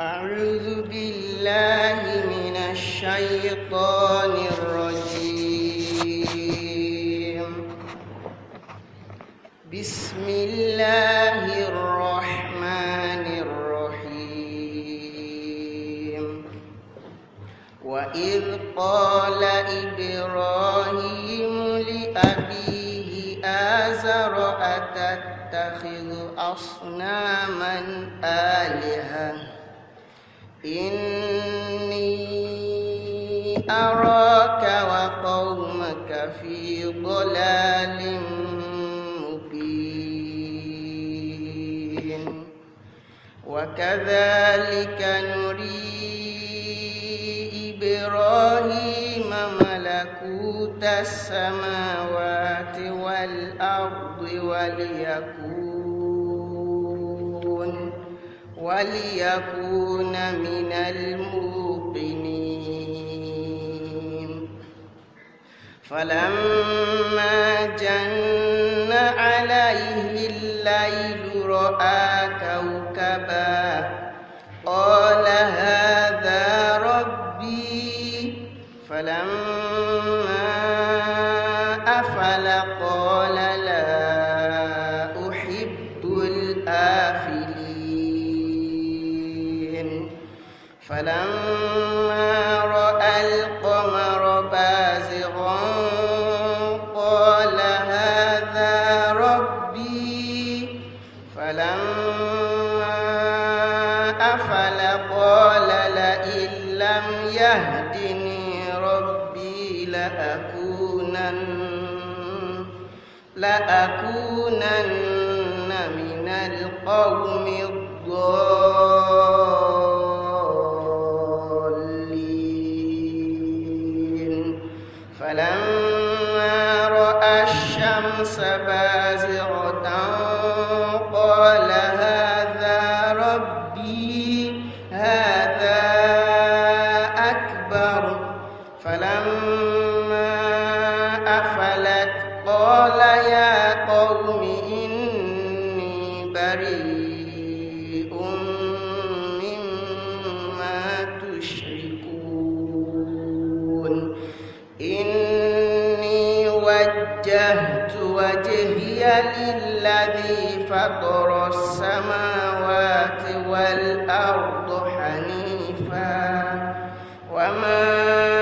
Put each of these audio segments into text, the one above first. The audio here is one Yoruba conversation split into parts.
أعوذ بالله من الشيطان الرجيم بسم الله الرحمن الرحيم وإذ قال إبراهيم لأبيه آزر أتتخذ أصناما آلهة إني أراك وقومك في ضلال مبين وكذلك نري إبراهيم ملكوت السماوات والأرض وليكون وليكون من الموقنين فلما جن عليه الليل رأى كوكبا قال هذا ربي فلما لأكونن لأكونن من القوم الضالين فلما رأى الشمس بارزة الذي فطر السماوات والأرض حنيفا وما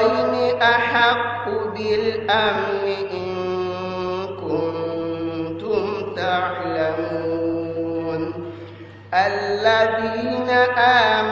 الفريقين أحق بالأمن إن كنتم تعلمون الذين آمنوا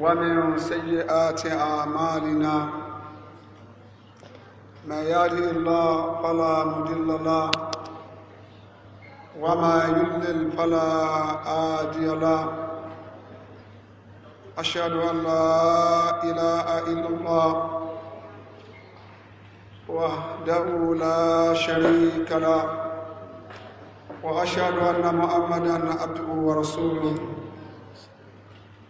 ومن سيئات أعمالنا ما يهده الله فلا مضل له وما يضلل فلا هادي له أشهد أن لا إله إلا الله وحده لا شريك له وأشهد أن محمدا عبده ورسوله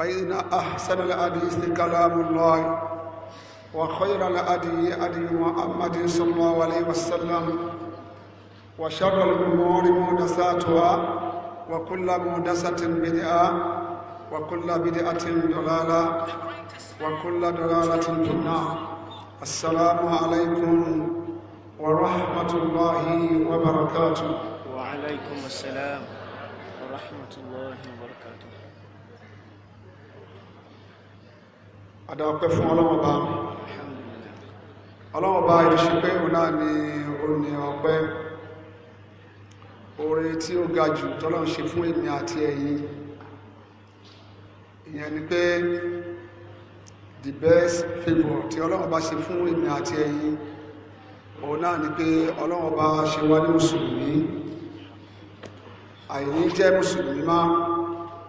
فإن أحسن الحديث كلام الله وخير الأدي أدي محمد صلى الله عليه وسلم وشر الأمور مهدساتها وكل مهدسة بدعة وكل بدعة ضلالة وكل ضلالة في النار السلام عليكم ورحمة الله وبركاته وعليكم السلام adáwọ̀pẹ́ fún ọlọ́mọba ọlọ́mọba ìrìṣẹ́ pé òun náà ni ó ní ọpẹ́ oore tí ó ga jù tọ́lọ́ ṣe fún èmi àti ẹ̀yin ìyẹn ni pé the best favour tí ọlọ́mọba ṣe fún èmi àti ẹ̀yin òun náà ni pé ọlọ́mọba ṣe wá ní mùsùlùmí àìní jẹ́ mùsùlùmí má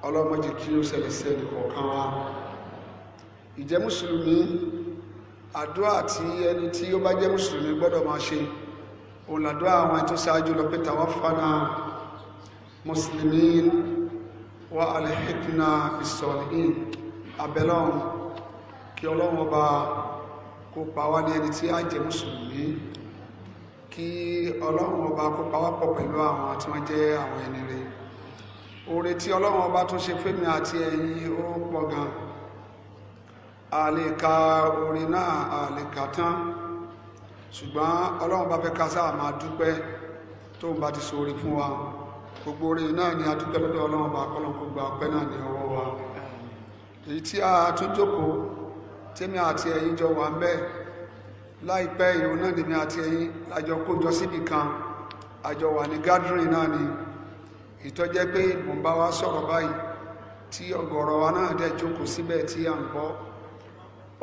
ọlọ́mọ kí ó ṣẹlẹ̀ sí kọ̀ọ̀kan wa ìjẹ́ mùsùlùmí àdúrà tí ẹni tí ó bá jẹ́ mùsùlùmí gbọ́dọ̀ máa ṣe òun làdúrà àwọn ẹni tó ṣáájú lọ pé tawaffana muslimin wa alhiqna bis-salihin abẹ́lọ́run kí ọlọ́run ọba kó pa wá ní ẹni tí á jẹ́ mùsùlùmí kí ọlọ́run ọba kó pa wá pọ̀ pẹ̀lú àwọn tí wọ́n jẹ́ àwọn ẹni rẹ̀ oore ọlọ́run ọba tó ṣe fẹ́mi àti ẹ̀yin ó pọ̀ gan-an àlèkà orin náà àlèkà tán ṣùgbọ́n ọlọ́run bá fẹ́ ká sáà máa dúpẹ́ tó ń bá ti sóore fún wa gbogbo orin náà ni a dúpẹ́ lọ́dọ̀ ọlọ́run bá kọ́lọ́n kó gba ọpẹ́ náà ní ọwọ́ wa èyí tí a tún jókòó tèmi àti ẹ̀yin jọ wà ń bẹ láìpẹ́ ìhun náà ni mi àti ẹ̀yin àjọ kójọ síbì kan àjọ wà ní gathering náà ni ìtọ́jẹ́ pé mò ń bá wa sọ̀rọ̀ báyìí tí ọ̀gọ̀rọ̀ wa náà dẹ̀ jókòó síbẹ̀ tí à ń gbọ́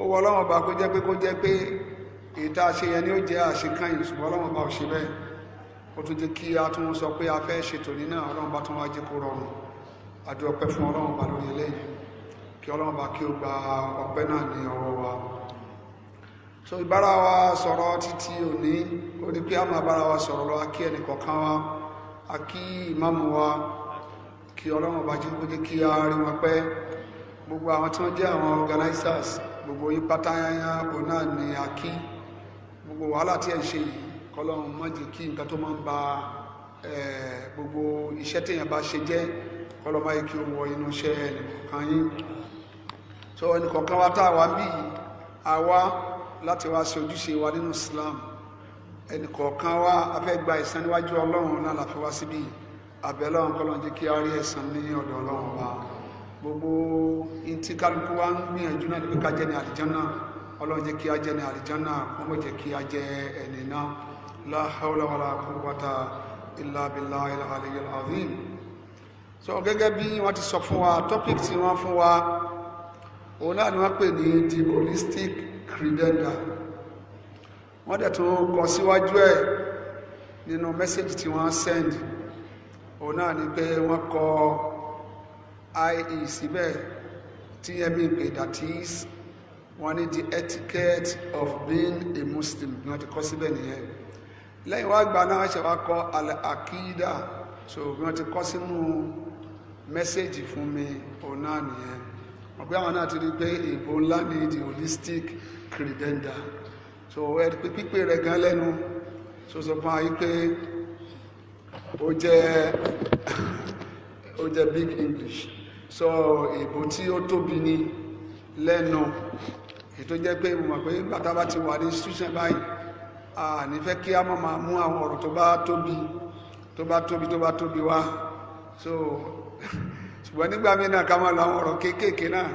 ó wọ ọlọ́run ọba kó jẹ́ pé kó jẹ́ pé ìta ṣe yẹn ni ó jẹ́ àṣekányìn ṣùgbọ́n ọlọ́run ò ṣe bẹ́ẹ̀ ó tún jẹ́ kí a tún sọ pé a fẹ́ ṣètò ní náà ọlọ́run ọba tún wá jẹ́ kó fún lórí kí kí ó gba ọpẹ́ wa so ìbára wa sọ̀rọ̀ títí òní ó ní pé lọ akí ẹnì kọ̀ọ̀kan wa akí ìmáàmù wa kí gbogbo àwọn tí wọ́n jẹ́ gbogbo yí pátáyáyá o náà ni a kí gbogbo wàhálà tí ẹ̀ ń ṣe yìí kọlọ́run má jẹ́ kí nǹkan tó máa ń ba gbogbo iṣẹ́ téèyàn bá ṣe jẹ́ kọlọ́run má yẹ kí o wọ inú iṣẹ́ ẹnìkọ̀ọ̀kan yín so ẹnìkọ̀ọ̀kan wa tá a wá ń bí yìí a wá láti wá ṣe ojúṣe wa nínú Islam ẹnìkọ̀ọ̀kan wa a fẹ́ gba ìsan níwájú Ọlọ́run náà la wá síbí àbẹ̀ Ọlọ́run kọlọ́run kí a rí ẹ̀san ní ọ̀dọ̀ Ọlọ́run wa gbogbo ntí kálukú wa ń gbìyànjú náà níbi ká jẹ́ ní àlìjánná ọlọ́run jẹ́ kí a jẹ́ ní àlìjánná ọmọ jẹ́ kí a jẹ́ ẹni náà la hawla wala quwwata illa billahi al-aliyyil azim so gẹ́gẹ́ bí wọ́n ti sọ fún wa topic tí wọ́n fún wa òun náà ni wọ́n pè ní the holistic credenda wọ́n dẹ̀ tún kọ síwájú ẹ̀ nínú mẹ́sẹ̀gì tí wọ́n send òun náà ni pé wọ́n kọ́ ọ ie síbẹ̀ tí yẹn bí pé that is wọ́n ní the etiquette of being a muslim ni wọ́n ti kọ́ síbẹ̀ nìyẹn lẹ́yìn wá gba náà ṣe wá kọ́ al-akida so bí wọ́n ti kọ́ sínú mẹ́sẹ̀gì fún mi òun náà nìyẹn ọ̀gbẹ́ àwọn náà ti rí pé ìbò ńlá ní the holistic credenda so ẹ pé pípé rẹ̀ gan lẹ́nu so sọ fún ayé pé ó jẹ́ ó jẹ́ big english sọ èbò tí ó tóbi ní lẹ́nu ètò jẹ́ pé mo mọ̀ pé bàtà bá ti wà ní institution báyìí a nífẹ́ kí a máa mú àwọn ọ̀rọ̀ tó bá tóbi tó bá tóbi tó bá tóbi wá so ṣùgbọ́n nígbà mí náà ká máa lọ àwọn ọ̀rọ̀ kéékèèké náà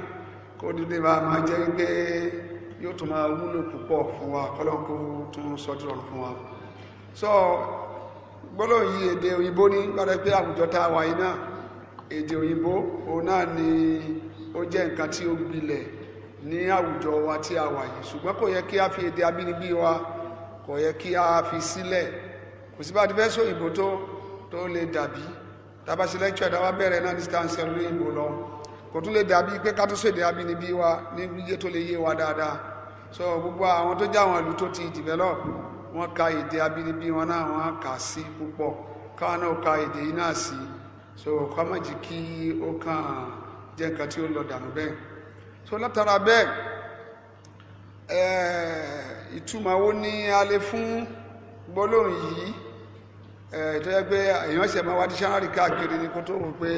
kó dídé bá máa jẹ́ pé yóò tún máa wúlò púpọ̀ fún wa kọ́lọ́kú tún sọ́jú ọ̀rọ̀ fún wa so gbọ́dọ̀ yí èdè òyìnbó ní gbọ́dọ̀ pé àwùjọ tá a wà náà èdè òyìnbó òun náà ni ó jẹ́ nǹkan tí ó gbilẹ̀ ní àwùjọ wa tí a wà yìí ṣùgbọ́n kò yẹ kí a fi èdè abínibí wa kò yẹ kí a fi sílẹ̀ kò sí bá a ti fẹ́ sọ òyìnbó tó tó lè dàbí tabasi lecture ìdáwà bẹ̀rẹ̀ náà ní stansi ẹ̀rọ òyìnbó lọ kò tún lè dàbí pé ká tó sọ abínibí wa ní iye tó lè yé wa dáadáa so gbogbo àwọn tó jẹ́ àwọn ìlú tó ti develop wọ́n ka èdè abínibí wọn náà wọ́n kà sí púpọ̀ káwọn náà ka èdè yìí náà sí i so kọ́mọ̀jì kí ó kàn jẹ́ nǹkan tí ó lọ dànù bẹ́ẹ̀ so látara bẹ́ẹ̀ eh, ìtumọ̀ wo ni a lè fún gbólóhùn yìí eh, tó yẹ pé èèyàn ṣe máa wá dísánárì káàkiri ni kó tó wò pé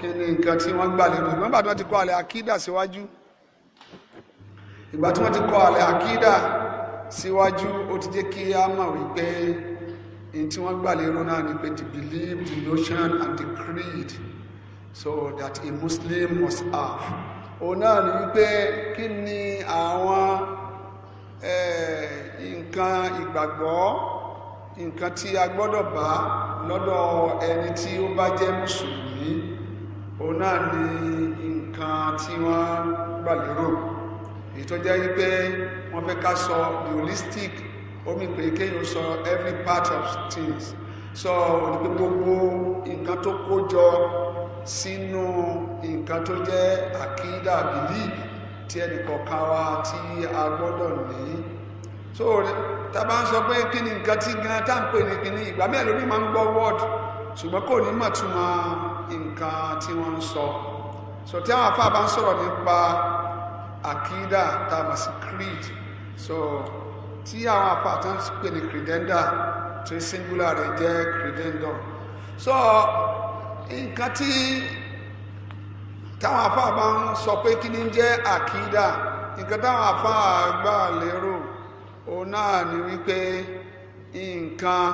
kí ni nǹkan tí wọ́n gbà lérò nígbà tí wọ́n ti kọ́ àlẹ́ àkídà síwájú ìgbà tí wọ́n ti kọ́ àlẹ́ àkídà síwájú ó ti jẹ́ kí a mọ̀ wípé in tí wọ́n gbà lérò náà ni pé the belief the notion and the creed so that a Muslim must have òun náà ni wípé kí ni àwọn eh, nǹkan ìgbàgbọ́ nǹkan tí a gbọ́dọ̀ bá lọ́dọ̀ ẹni tí ó bá jẹ́ mùsùlùmí òun náà ni nǹkan tí wọ́n gbà lérò èyí tó jẹ́ wípé wọ́n fẹ́ ká sọ the holistic omi pé kéèyàn sọ every part of things sọ òní pé gbogbo nǹkan tó kó jọ sínú nǹkan tó jẹ́ àkídà belief tí ẹnìkọ̀ọ̀kan wa tí a gbọ́dọ̀ ní so tá a bá ń sọ pé kí ni nǹkan tí gan tá à ń pè ní kíní ìgbà mẹ́rin lómi máa ń gbọ́ word ṣùgbọ́n kò ní mọ̀ tún mọ nǹkan tí wọ́n ń sọ so tí àwọn afá bá ń sọ̀rọ̀ nípa àkídà tá a mọ̀ sí creed so tí àwọn àpàtàn pè ní credenda tí singular rẹ̀ jẹ́ credendum so nǹkan tí táwọn afá bá ń sọ pé kí ni jẹ́ àkídà nǹkan táwọn afá gbà lérò òun náà ni wípé nǹkan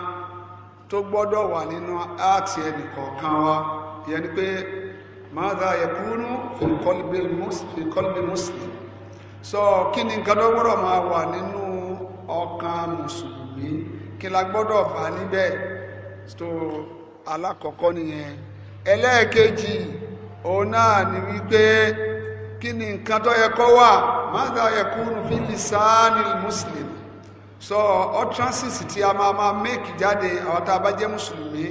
tó gbọ́dọ̀ wà nínú áàtì ẹnìkọ̀ọ̀kan wa ìyẹn ni pé mada yakunu fil qalbi muslim so kí ni nǹkan tó gbọ́dọ̀ máa wà nínú ọkàn mùsùlùmí kí la gbọ́dọ̀ bá níbẹ̀ tó alákọ̀ọ́kọ́ nìyẹn ẹlẹ́ẹ̀kejì òun náà ni wípé kí ni nǹkan tó yẹ kó wà mọ́tà yẹ kó fi lisani so utterances tí a máa máa make jáde àwọn tá a bá jẹ́ mùsùlùmí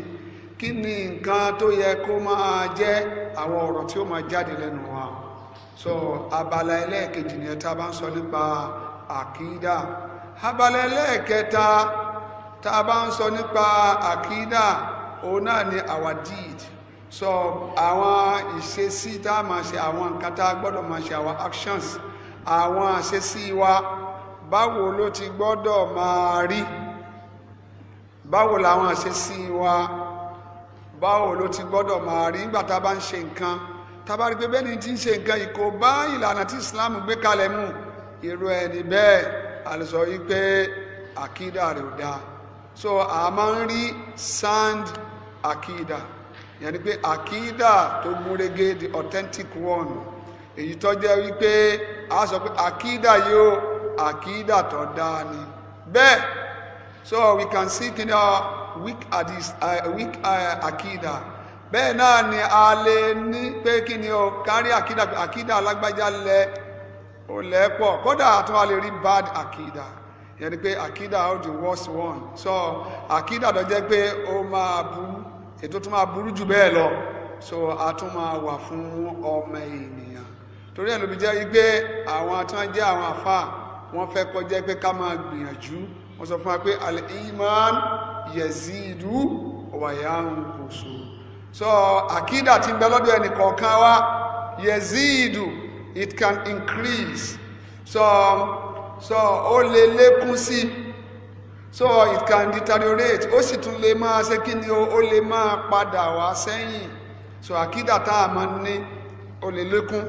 kí ni nǹkan tó yẹ kó máa jẹ́ àwọn ọ̀rọ̀ tí ó máa jáde lẹ́nu wa so abala ẹlẹ́ẹ̀kejì ni ẹ tá a bá ń sọ nípa àkídà abalẹ̀ lẹ́ẹ̀kẹta tá a bá ń sọ nípa àkídà òun náà ni our deed so àwọn ìṣesí tá a máa ṣe àwọn nǹkan tá a gbọ́dọ̀ máa ṣe àwọn actions àwọn àṣesí wa báwo ló ti gbọ́dọ̀ máa rí báwo làwọn àṣesí wa báwo ló ti gbọ́dọ̀ máa rí nígbà tá a bá ń ṣe nǹkan tá a bá rí pé bẹ́ẹ̀ ni ti ń ṣe nǹkan yìí kò bá ìlànà tí Islam gbé kalẹ̀ mu irú ẹni bẹ́ẹ̀ a lè sọ àkídà rẹ̀ ò dáa so a máa ń rí sand àkídà yẹn ni pé àkídà tó gúnrégé the authentic one èyí tó jẹ́ wípé a sọ pé àkídà yóò àkídà tó dáa ni bẹ́ẹ̀ so we can see kí ni ọ weak adis uh, eh, weak uh, bẹ́ẹ̀ náà ni a lè ní pé kí ni ọ kárí àkídà àkídà alágbájá lẹ ó lẹ́pọ̀ kódà tó a lè rí bad akida yẹn ni pé akida ó di worst one so akida tó jẹ́ pé ó máa burú ètò tó máa burú jù bẹ́ẹ̀ lọ so a tún máa wà fún ọmọ ènìyàn torí ẹ̀ ló fi jẹ́ pé àwọn tó ń jẹ́ àwọn àfa wọ́n fẹ́ kọjá pé ká máa gbìyànjú wọ́n sọ fún wa pé al-iman yazidu wa yanqusu so akida ti ń bẹ lọ́dọ̀ ẹnì kọ̀ọ̀kan wa yazidu it can increase so so o lè lékún sí so it can deteriorate ó sì tún lè máa ṣe kí ni ó lè máa padà wá sẹ́yìn so àkídà tá a máa ní ó lè lékún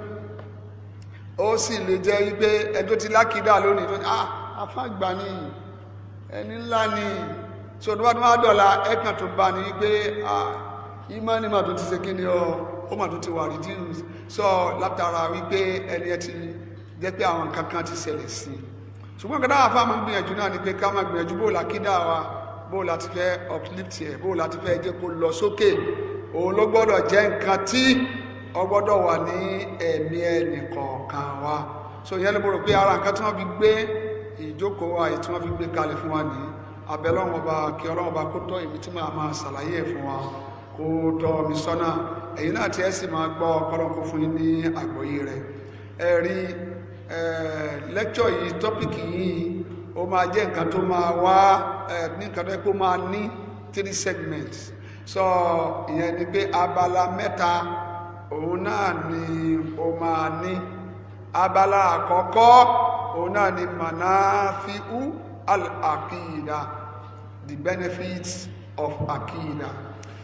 ó sì lè jẹ́ wípé ti lákìdá lónìí tó ní ah afágbà ni ẹni ńlá ni so tó bá tó bá dọ̀la ẹ̀kan tó bá ní wípé ah ìmọ̀ ni màá tó ti ṣe kí ni ọ ó tó ti wà reduced sọ látara wípé ẹni ẹ ti jẹ́ pé àwọn nǹkan kan ti ṣẹlẹ̀ sí i ṣùgbọ́n kí dáhà fáwọn gbìyànjú náà ni pé ká máa gbìyànjú bó la kí wa bó la ti fẹ́ uplift ẹ̀ bó la ti fẹ́ jẹ́ kó lọ sókè òun ló gbọ́dọ̀ jẹ́ nǹkan tí ó gbọ́dọ̀ wà ní ẹ̀mí ẹnìkọ̀ọ̀kan wa so ìyẹn ló mo rò pé ara nǹkan tí wọ́n fi gbé ìjókòó àyè tí wọ́n fi gbé kalẹ̀ fún wa nìyí abẹ́lọ́wọ́n ọba kí ọlọ́wọ́n ọba kó tọ́ èmi kó tọ́ mi sọ́nà ẹ̀yin náà tí ẹ sì máa gbọ́ ọ̀pọ̀lọpọ̀ fún yín ní àgbọ́yé rẹ̀ ẹ rí lẹ́kṣọ̀ yìí tọ́pìkì yìí ó máa jẹ́ nǹkan tó máa wá ní nǹkan tó yẹ kó máa ní three segments so ìyẹn ni pé abala mẹ́ta òun náà ni ó máa ní abala àkọ́kọ́ òun náà ni manafiu al-akida the benefits of akida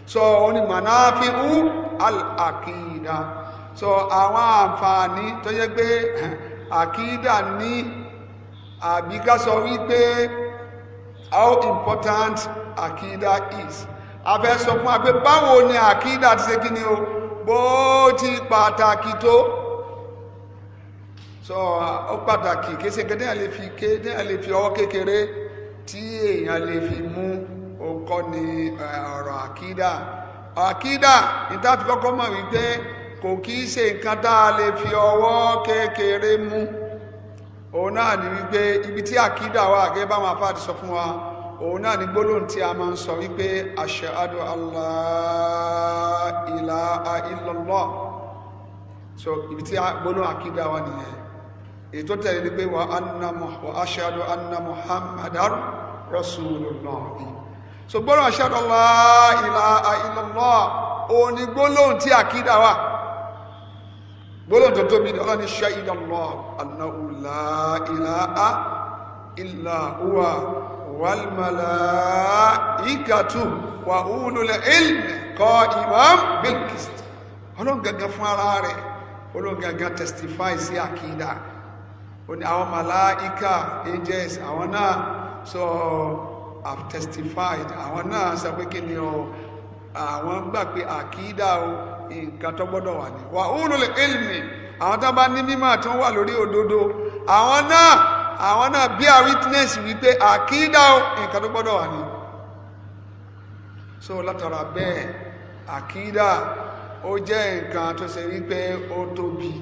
so ó ní al ú àkìdá so àwọn àǹfààní tó yẹ pé àkìdá eh, ní àbí ká sọ wípé how important àkìdá is Abe fẹ́ sọ fún wa pé báwo ni àkìdá ti ṣe kí o bó ti pàtàkì tó so ó pàtàkì kése kéde àlefi kéde àlefi ọwọ́ kékeré tí èèyàn lè fi mú òun kọ́ ni ọ̀rọ̀ àkídà àkídà ìtàfi kọ́kọ́ mọ̀ wípé kò kí í ṣe nǹkan tá a lè fi ọwọ́ kékeré mú òun náà ni wípé ibi tí àkídà wà gẹ́gẹ́ báwọn afá ti sọ fún wa òun náà ni gbólóhùn tí a máa ń sọ wípé ashhadu alla ilaha illallah so ibi tí gbólóhùn àkídà wà nìyẹn èyí tó tẹ̀lé ni pé wa ashhadu anna muhammadar rasulullah so gbọ́dọ̀ ashadu la ilaha illallah òun ni gbólóhùn tí àkídà wà gbólóhùn tó tóbi ní ọlọ́ni shahida Allah annahu la ilaha illa huwa wal malaikatu wa ulul ilmi qa'iman bil qist ọlọ́run fún ara rẹ̀ ọlọ́run testify sí àkídà àwọn màláìka angels àwọn náà sọ. So, have testified àwọn náà sọ pé kí ni ọ àwọn gbà pé àkídà o nǹkan tó gbọ́dọ̀ wà ní wà ulul ilmi àwọn tó bá ní mímọ̀ tó wà lórí òdodo àwọn náà àwọn náà bí a witness wípé àkídà o nǹkan tó gbọ́dọ̀ wà ní so látara bẹ́ẹ̀ àkídà ó jẹ́ nǹkan tó ṣe wípé ó tóbi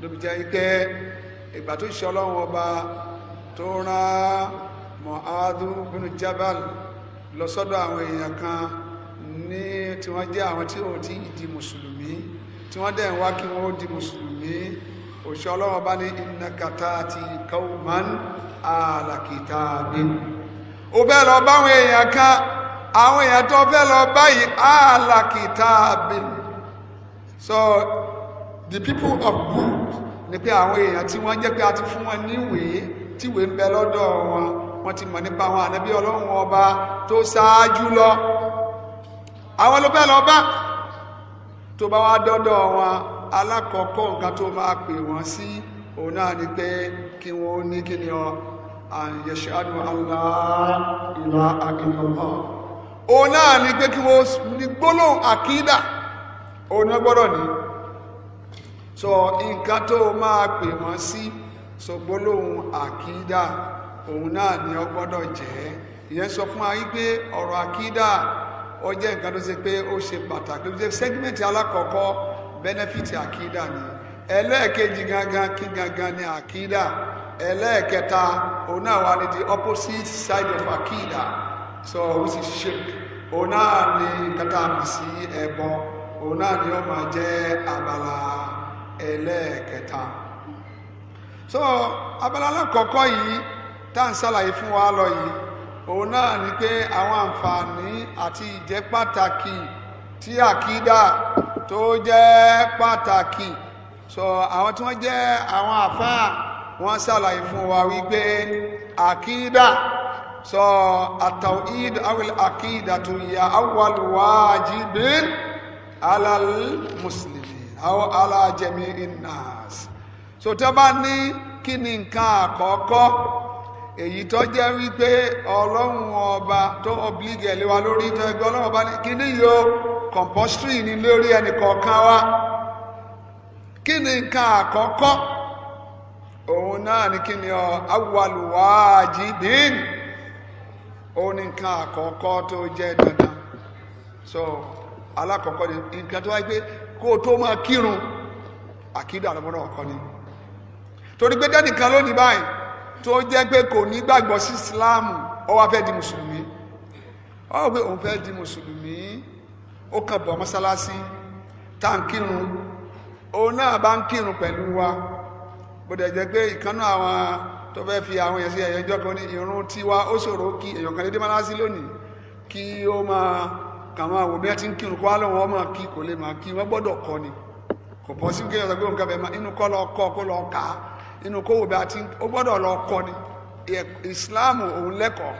lóbi jẹ́ wípé ìgbà tó ṣe ọlọ́run ọba tó rán Mu'adhu bin Jabal lọ sọ́dọ̀ àwọn èèyàn kan ní tí wọ́n jẹ́ àwọn tí wọ́n ti di mùsùlùmí tí wọ́n dẹ̀ ń wá kí wọ́n di mùsùlùmí òṣìṣẹ́ ọlọ́wọ́ bá ní ìnàkàtà àti kauman alakitabi ó fẹ́ lọ báwọn èèyàn kan àwọn èèyàn tó fẹ́ lọ báyìí alakitabi so the people of good ni pé àwọn èèyàn tí wọ́n jẹ́ pé a ti fún wọn níwèé tíwèé ń bẹ lọ́dọ̀ wọn wọ́n ti mọ̀ nípa àwọn ànábí ọlọ́run ọba tó ṣáájú lọ àwọn ló bẹ́ẹ̀ lọ bá tó bá wá dọ́dọ̀ wọn alákọ̀ọ́kọ́ nǹkan tó máa pè wọ́n sí òun náà ni pé kí wọ́n ní kí ni ọ àyẹ̀ṣáájú aláìlá akínyọ̀lọ́ òun náà ni pé kí wọ́n ní gbólóhùn àkídà òun náà gbọ́dọ̀ ní sọ nǹkan tó máa pè wọ́n sí sọ gbólóhùn àkídà òun náà ni ó gbọ́dọ̀ jẹ́ ìyẹn sọ fún wa wípé ọ̀rọ̀ àkídà ó jẹ́ nǹkan tó ṣe pé ó ṣe pàtàkì ó ṣe sẹ́gímẹ̀ntì alákọ̀ọ́kọ́ bẹ́nẹ́fìtì àkídà ni ẹlẹ́ẹ̀kejì gangan kí gangan ni àkídà ẹlẹ́ẹ̀kẹta òun náà wà ní the opposite side of àkídà so which is shirk òun náà ni kata mi sí ẹbọ òun náà ni ó máa jẹ́ abala ẹlẹ́ẹ̀kẹta so abala alákọ̀ọ́kọ́ yìí tá à ń ṣàlàyé fún wa lọ yìí òun náà ni pé àwọn àǹfààní àti ìjẹ́ pàtàkì tí àkídà tó jẹ́ pàtàkì so àwọn tí wọ́n jẹ́ àwọn àfáà wọ́n ṣàlàyé fún wa wípé àkídà so àtàwíd awil àkídà tó yà awal wajibin alal muslimi aw ala jami'in nas so tó bá ní kí ni nǹkan àkọ́kọ́ èyí tó jẹ́ wípé ọlọ́run ọba tó obligé lẹ́wà lórí tó ẹgbẹ́ ọlọ́run ọba ní kí ní yọ kọ̀m̀pọ́sítírì ní lórí ẹnìkọ̀ọ̀kan wa kí ní nǹkan àkọ́kọ́ òun náà ní kí ni awàlùwàjì dín òun ní nǹkan àkọ́kọ́ tó jẹ́ dandan so alákọ̀ọ́kọ́ ni nǹkan tó wáyé pé kó o tó máa kírun àkídà lọ́mọdé ọkọ ni torí pé dẹ́nìkan lónìí báyìí. tó jẹ́ pé kò ní gbàgbọ́ sí Islam ó wá fẹ́ di musulmi ó pé òun fẹ́ di mùsùlùmí ó kàn mọ́sálásí tá ń kírun òun náà bá ń kírun pẹ̀lú wa bó jẹ́ pé ìkànnà àwọn tó fẹ́ fi àwọn èèyàn sí kan ní irun tiwa ó ṣòro kí èèyàn kan dédé mọ́sálásí lónìí kí ó máa kàwọn àwọn ti ń kírun kó wá lọ́wọ́ ọmọ kí kò lè máa kí wọ́n gbọ́dọ̀ ni kò bọ́ sí kéèyàn òun inú kọ́ lọ kọ́ kó nínú kówó bí a ti ó gbọ́dọ̀ lọ kọ́ ni ìsìláàmù òun lẹ́kọ̀ọ́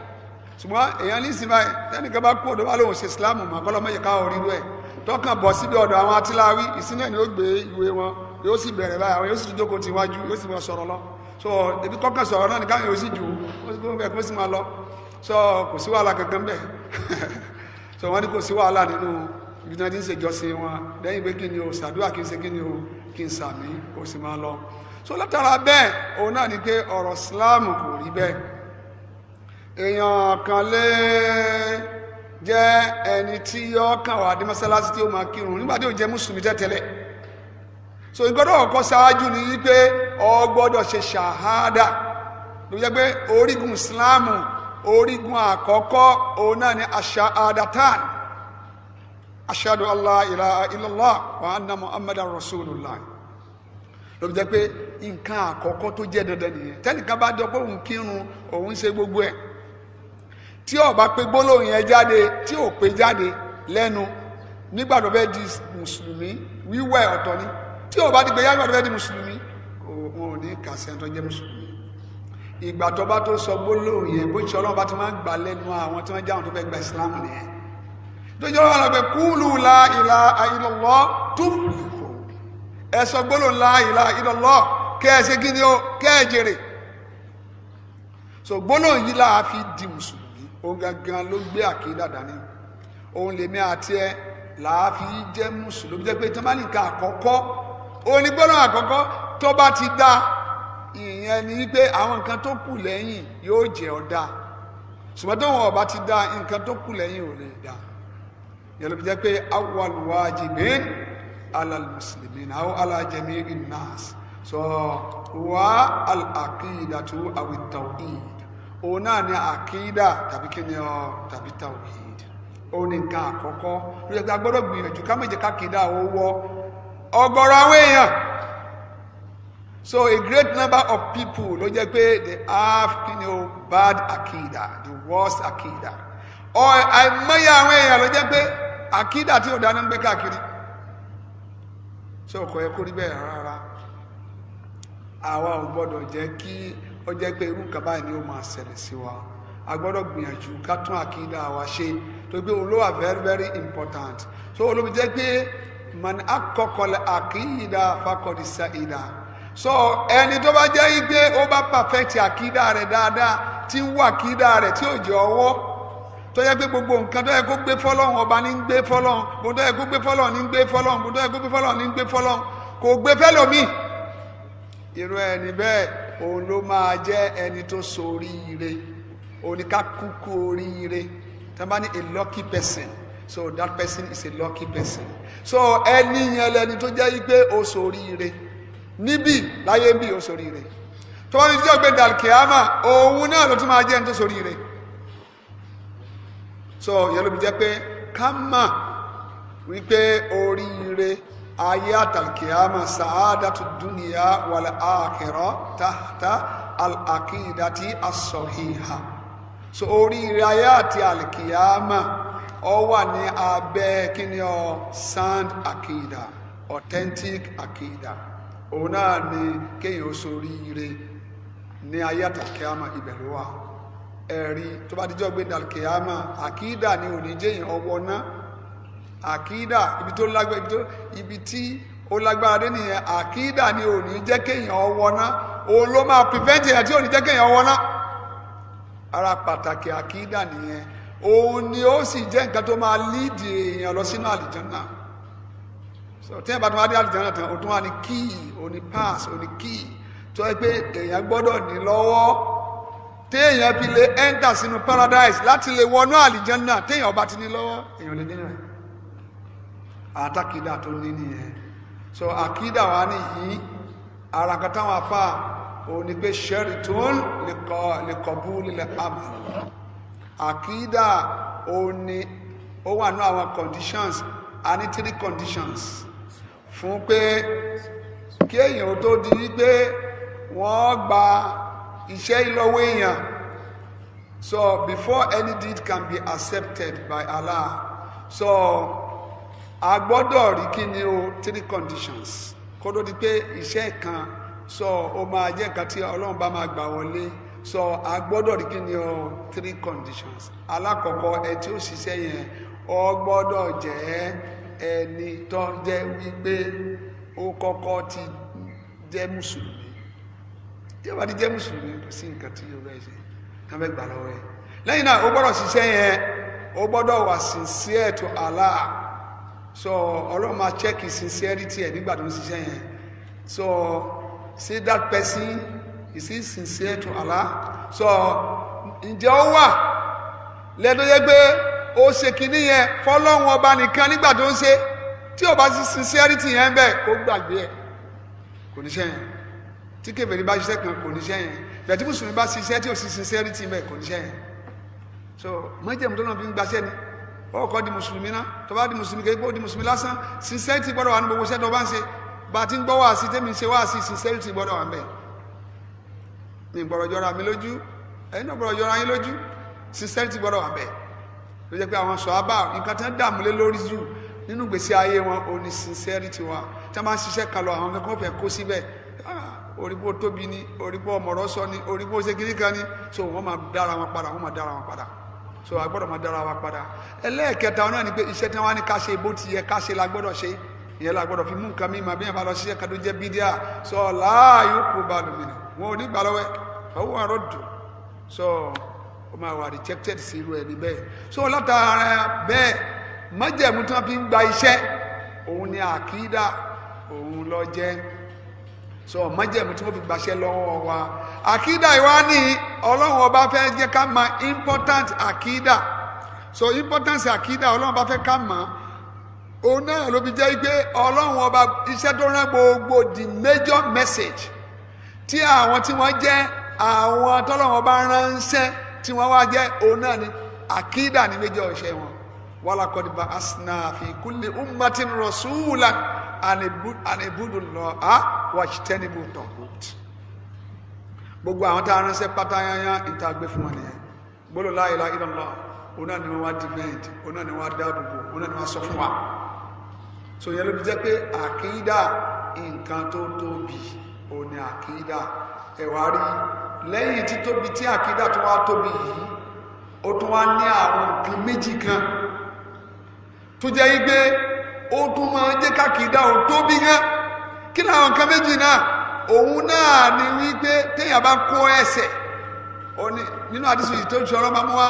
ṣùgbọ́n èèyàn ní ìsìn báyìí tẹ́nìkan bá kú òdòwà lòun ṣe ìsìláàmù mà kọ́ lọ́mọ ìyẹ̀ká orí rẹ̀ tọ́kàn bọ̀ síbi ọ̀dọ̀ àwọn atiláwí ìsìn ni ó gbé ìwé wọn yóò sì bẹ̀rẹ̀ báyìí àwọn yóò sì jókòó ti wájú yóò sì mọ sọ̀rọ̀ lọ so ebi kọ́kàn sọ̀rọ̀ náà nìkan yóò sì jù ó sì máa lọ so kò sí wàhálà kankan bẹ́ẹ̀ so wọ́n ní kò sí wàhálà nínú ibi tí wọ́n ti ń ṣèjọ́sìn wọn lẹ́yìn pé kí ni o ṣàdúrà kí n ṣe kí ni o kí n sàmí kò sì máa lọ so látara bẹ́ẹ̀ òun náà ni pé ọ̀rọ̀ Islam kò rí bẹ́ẹ̀ èèyàn kan lè jẹ́ ẹni tí yọ kàn wá dé mọ́sálásí tí ó máa kírun nígbà tí ó jẹ́ mùsùlùmí tẹ́tẹ́lẹ̀ so ìgbọ́dọ̀ ọ̀kọ́ ṣáájú ni wípé ọ ṣe ṣàhádà ló jẹ́ pé orígun Islam orígun àkọ́kọ́ òun náà ni aṣáádátán ashadu allah ilaha illallah wa anna muhammadan ló fi jẹ́ pé nǹkan àkọ́kọ́ tó jẹ́ dandan nìyẹn tẹ́nìkan bá jọ pé òun kírun òun ṣe gbogbo ẹ̀ tí ó bá pé gbólóhùn yẹn jáde tí ò pé jáde lẹ́nu nígbà tó fẹ́ di mùsùlùmí wíwẹ̀ ọ̀tọ̀ ni tí ó bá ti gbé yá nígbà tó fẹ́ di mùsùlùmí òun ò ní kàṣẹ tó jẹ́ mùsùlùmí ìgbà tó bá tó sọ gbólóhùn yẹn bó ṣe ọlọ́run bá ti máa ń gbà lẹ́nu àwọn tí wọ́n jẹ́ àwọn tó fẹ́ gba ìsìlámù nìyẹn tó jẹ́ ọlọ́run àgbẹ̀ kúlù la ilaha illallah tó fìlú ẹ sọ gbólóhùn la ilaha illallah kẹ́ ẹ ṣe kí ni ó kẹ́ ẹ jèrè so gbólóhùn yìí là á fi di mùsùlùmí òun gangan ló gbé àkídà dání òun lèmi àti ẹ là á fi jẹ́ mùsùlùmí jẹ́ pé tọ́mánì nǹkan àkọ́kọ́ òun ni gbólóhùn àkọ́kọ́ tó bá ti dá ìyẹn ni pé àwọn nǹkan tó kù lẹ́yìn yóò jẹ́ ọ dáa ṣùgbọ́n tó wọn ọba ti dá nǹkan tó kù lẹ́yìn ò lè dá yẹn ló fi jẹ́ pé awwal wajibin alal muslimin aw ala jami'i nas so wa al aqidatu aw at tawhid òun náà ni àkídà tàbí kí ni ọ tàbí tawhid òun ni nǹkan àkọ́kọ́ lóye pé a gbọ́dọ̀ gbìyànjú ká méje kákìdá ó wọ ọgọ́rọ̀ àwọn so a great number of people ló jẹ́ pé they have kí ni o bad àkídà the worst àkídà ọ àìmọye àwọn èèyàn ló jẹ́ pé àkídà tí ò dáná ń gbé káàkiri ṣé ọkọ̀ yẹ kó rí bẹ́ẹ̀ rárá àwa ò gbọ́dọ̀ jẹ́ kí ó jẹ́ pé irú nǹkan báyìí ni ó máa ṣẹlẹ̀ sí wa a gbọ́dọ̀ gbìyànjú ká tún àkídà wa ṣe tó gbé olówà very very important so olóbi jẹ́ pé man akọkọlẹ̀ àkídà fakọ̀dísà ìdá so ẹni tó bá jẹ́ igbe ó bá perfect àkídà rẹ̀ dáadáa tí ń wà àkídà rẹ̀ tí ò jẹ́ ọwọ́ tó yẹ pé gbogbo nǹkan tó yẹ kó gbé fọlọ́hún ọba ní ń gbé fọlọ́hún bó tó yẹ kó gbé fọlọ́hún ní ń gbé fọlọ́hún bó tó yẹ kó gbé fọlọ́hún ní ń gbé fọlọ́hún kò gbé fẹ́lòmíì irú ẹni bẹ́ẹ̀ òun ló máa jẹ́ ẹni tó so oríire oníkàkùkù oríire tí wọ́n bá ní a lucky person so that person is a lucky person so ẹni yẹn lẹni tó jẹ́ yí pé ó so oríire níbí láyé bí ó so oríire tó bá ní tí ó gbé dàlkìámà òun náà ló tún máa jẹ́ ẹni tó so oríire so ìyẹn ló fi jẹ́ pé ká mà wípé oríire ayé àtàlùkìyàmà sàádàtú dúnìyà wàlẹ̀ àkìrọ̀ tààtà àkìdàtì àsọ̀hìhà so oríire ayé àti àlùkìyàmà ó wà ní abẹ́ kíni ọ sand àkìdà authentic àkìdà òun náà ni kéèyàn ó soríire ní ayé àtàlùkìyàmà ibẹ̀ ló wà. ẹ̀rí tó bá dijọ́ gbé dàlùkìyàmà àkídà ni ò ní jẹ́yìn ọwọ́ ná àkídà ibi tó lágbára ibi tó tí ó lágbára dé nìyẹn àkídà ni ò ní jẹ́ kéèyàn ọwọ́ ná òun ló máa prevent èèyàn tí ò ní jẹ́ kéèyàn ọwọ́ ná ara pàtàkì àkídà nìyẹn òun ni ó sì jẹ́ nǹkan tó máa lọ sínú tí ẹ̀ bá dé tán pass ní kíì tó pé èèyàn téèyàn fi lè enter sínú paradise láti lè wọnú àlìjánná téèyàn ọba ti ní lọ́wọ́ èèyàn lè dínà àtàkìdá tó ní nìyẹn so àkìdá wa nìyí ara nǹkan táwọn afá òun ni pé sẹ́rì tó ń lè kọ̀bú lílẹ̀ àmà àkìdá òun ni ó wà ní àwọn conditions a ní three conditions fún pé kí èèyàn tó di wípé wọ́n gba iṣẹ́ ìlọ́wọ́ èèyàn so before any deed can be accepted by Allah so a gbọ́dọ̀ rí kí ni o three conditions kó tó di pé iṣẹ́ kan so ó máa jẹ́ nǹkan tí ọlọ́run bá máa gbà wọlé so a gbọ́dọ̀ rí kí ni o three conditions alákọ̀ọ́kọ́ ẹ tí ó ṣiṣẹ́ yẹn ọ gbọ́dọ̀ jẹ́ ẹni tó jẹ́ wípé ó kọ́kọ́ ti jẹ́ mùsùlùmí tí o bá ti jẹ́ mùsùlùmí kò sí nǹkan tí o bẹ́ẹ̀ ṣe náà bẹ́ẹ̀ gbà lọ́wọ́ ẹ̀ lẹ́yìn náà o gbọ́dọ̀ ṣiṣẹ́ yẹn o gbọ́dọ̀ wà sincere to Allah so ọlọ́run máa check sincerity ẹ̀ nígbà tó ń ṣiṣẹ́ yẹn so see that person is he sincere to Allah so ǹjẹ́ ó wà lẹ́dọ̀ yẹ pé ó ṣe kinní yẹn fọlọ́run ọba nìkan nígbà tó ń ṣe tí o bá sí sincerity yẹn bẹ́ẹ̀ kó gbàgbé ẹ̀ kò ní ṣe yẹn tí kèfèrí bá ṣiṣẹ́ kan kò níṣẹ́ yẹn bẹ̀tí mùsùlùmí bá ṣiṣẹ́ tí ò sì ṣiṣẹ́ rí tìǹbẹ̀ kò níṣẹ́ yẹn so mọ́jẹ̀mú tó náà fi ń gbaṣẹ́ ni ó kọ́ di mùsùlùmí ná tó bá di mùsùlùmí kékeré ó di mùsùlùmí lásán ṣiṣẹ́ ti gbọ́dọ̀ wà ní gbogbo iṣẹ́ tó bá ń ṣe bá a ti ń gbọ́ wá sí tẹ́mi ṣe wá sí ṣiṣẹ́ ti gbọ́dọ̀ wà ń bẹ̀ mi gbọ́dọ̀ jọra mi lójú ẹ̀yin náà gbọ́dọ̀ jọra yín lójú ṣiṣẹ́ ti gbọ́dọ̀ wà ń bẹ̀ ló jẹ́ pé àwọn sọ̀hábà nǹkan tí wọ́n dààmú lé lórí jù nínú orígbó tóbi ni orígbó ọmọọrọ sọ ni orígbó ṣégiri kan ni so wọn máa dára wọn padà wọn máa dára wọn padà so a gbọ́dọ̀ máa dára wa padà ẹlẹ́ẹ̀kẹta náà ni pé iṣẹ́ tí wọn ní ká ṣe bó ti yẹ ká ṣe la gbọ́dọ̀ ṣe ìyẹn la gbọ́dọ̀ fi mú nǹkan mi màá bí yẹn bá lọ ṣiṣẹ́ ká tó jẹ bídíà so láàyò kó ba lómi nà wọn ò ní gbà lọ́wọ́ ẹ fọwọ́ àrò dùn so ó máa wà rejected sí irú ẹni bẹ́ẹ̀ so látara bẹ́ẹ̀ májẹ̀mú tí wọ́n fi ń gba iṣẹ́ òun ni àkídà òun ló jẹ́ so májẹ̀mú tí wọ́n fi gbàṣẹ́ lọ́wọ́ wa Akida ìwá ní ọlọ́run ọba fẹ́ jẹ́ ká mọ̀ important akida. so importance àkídà ọlọ́run ọba fẹ́ ká mọ̀ òun náà ló fi jẹ́ pé ọlọ́run ọba iṣẹ́ tó rán gbogbo the major message Ti àwọn tí wọ́n jẹ́ àwọn tọ́lọ́run ọba ránṣẹ́ tí wọ́n wá jẹ́ òun náà ni àkídà ní méjì ọ̀ṣẹ́ wọn walakọdi ba asina fi kulli ummatin rasuula anibudu lọ a wàjitẹni bu tọhut gbogbo àwọn tá a ránṣẹ́ pátáyáyá ìta gbé fún wọn nìyẹn gbọ́dọ̀ la ilaha illallah òun náà ni wọn wá defend òun náà ni wọn wá dáàbòbò òun náà ni wọn sọ fún wa so yẹn ló fi jẹ́ pé àkídà nǹkan tó tóbi òun ni àkídà ẹwà rí lẹ́yìn títóbi tí àkídà tó wá tóbi yìí ó tún wá ní àwọn nǹkan méjì kan tó jẹ́ yí pé ó tún máa ń jẹ́ kákìdá ò tóbi gan kí làwọn nǹkan méjì náà òun náà ni wípé téèyàn bá kó ẹsẹ̀ nínú àdìsí yìí tó ń sọ̀rọ̀ máa mú wa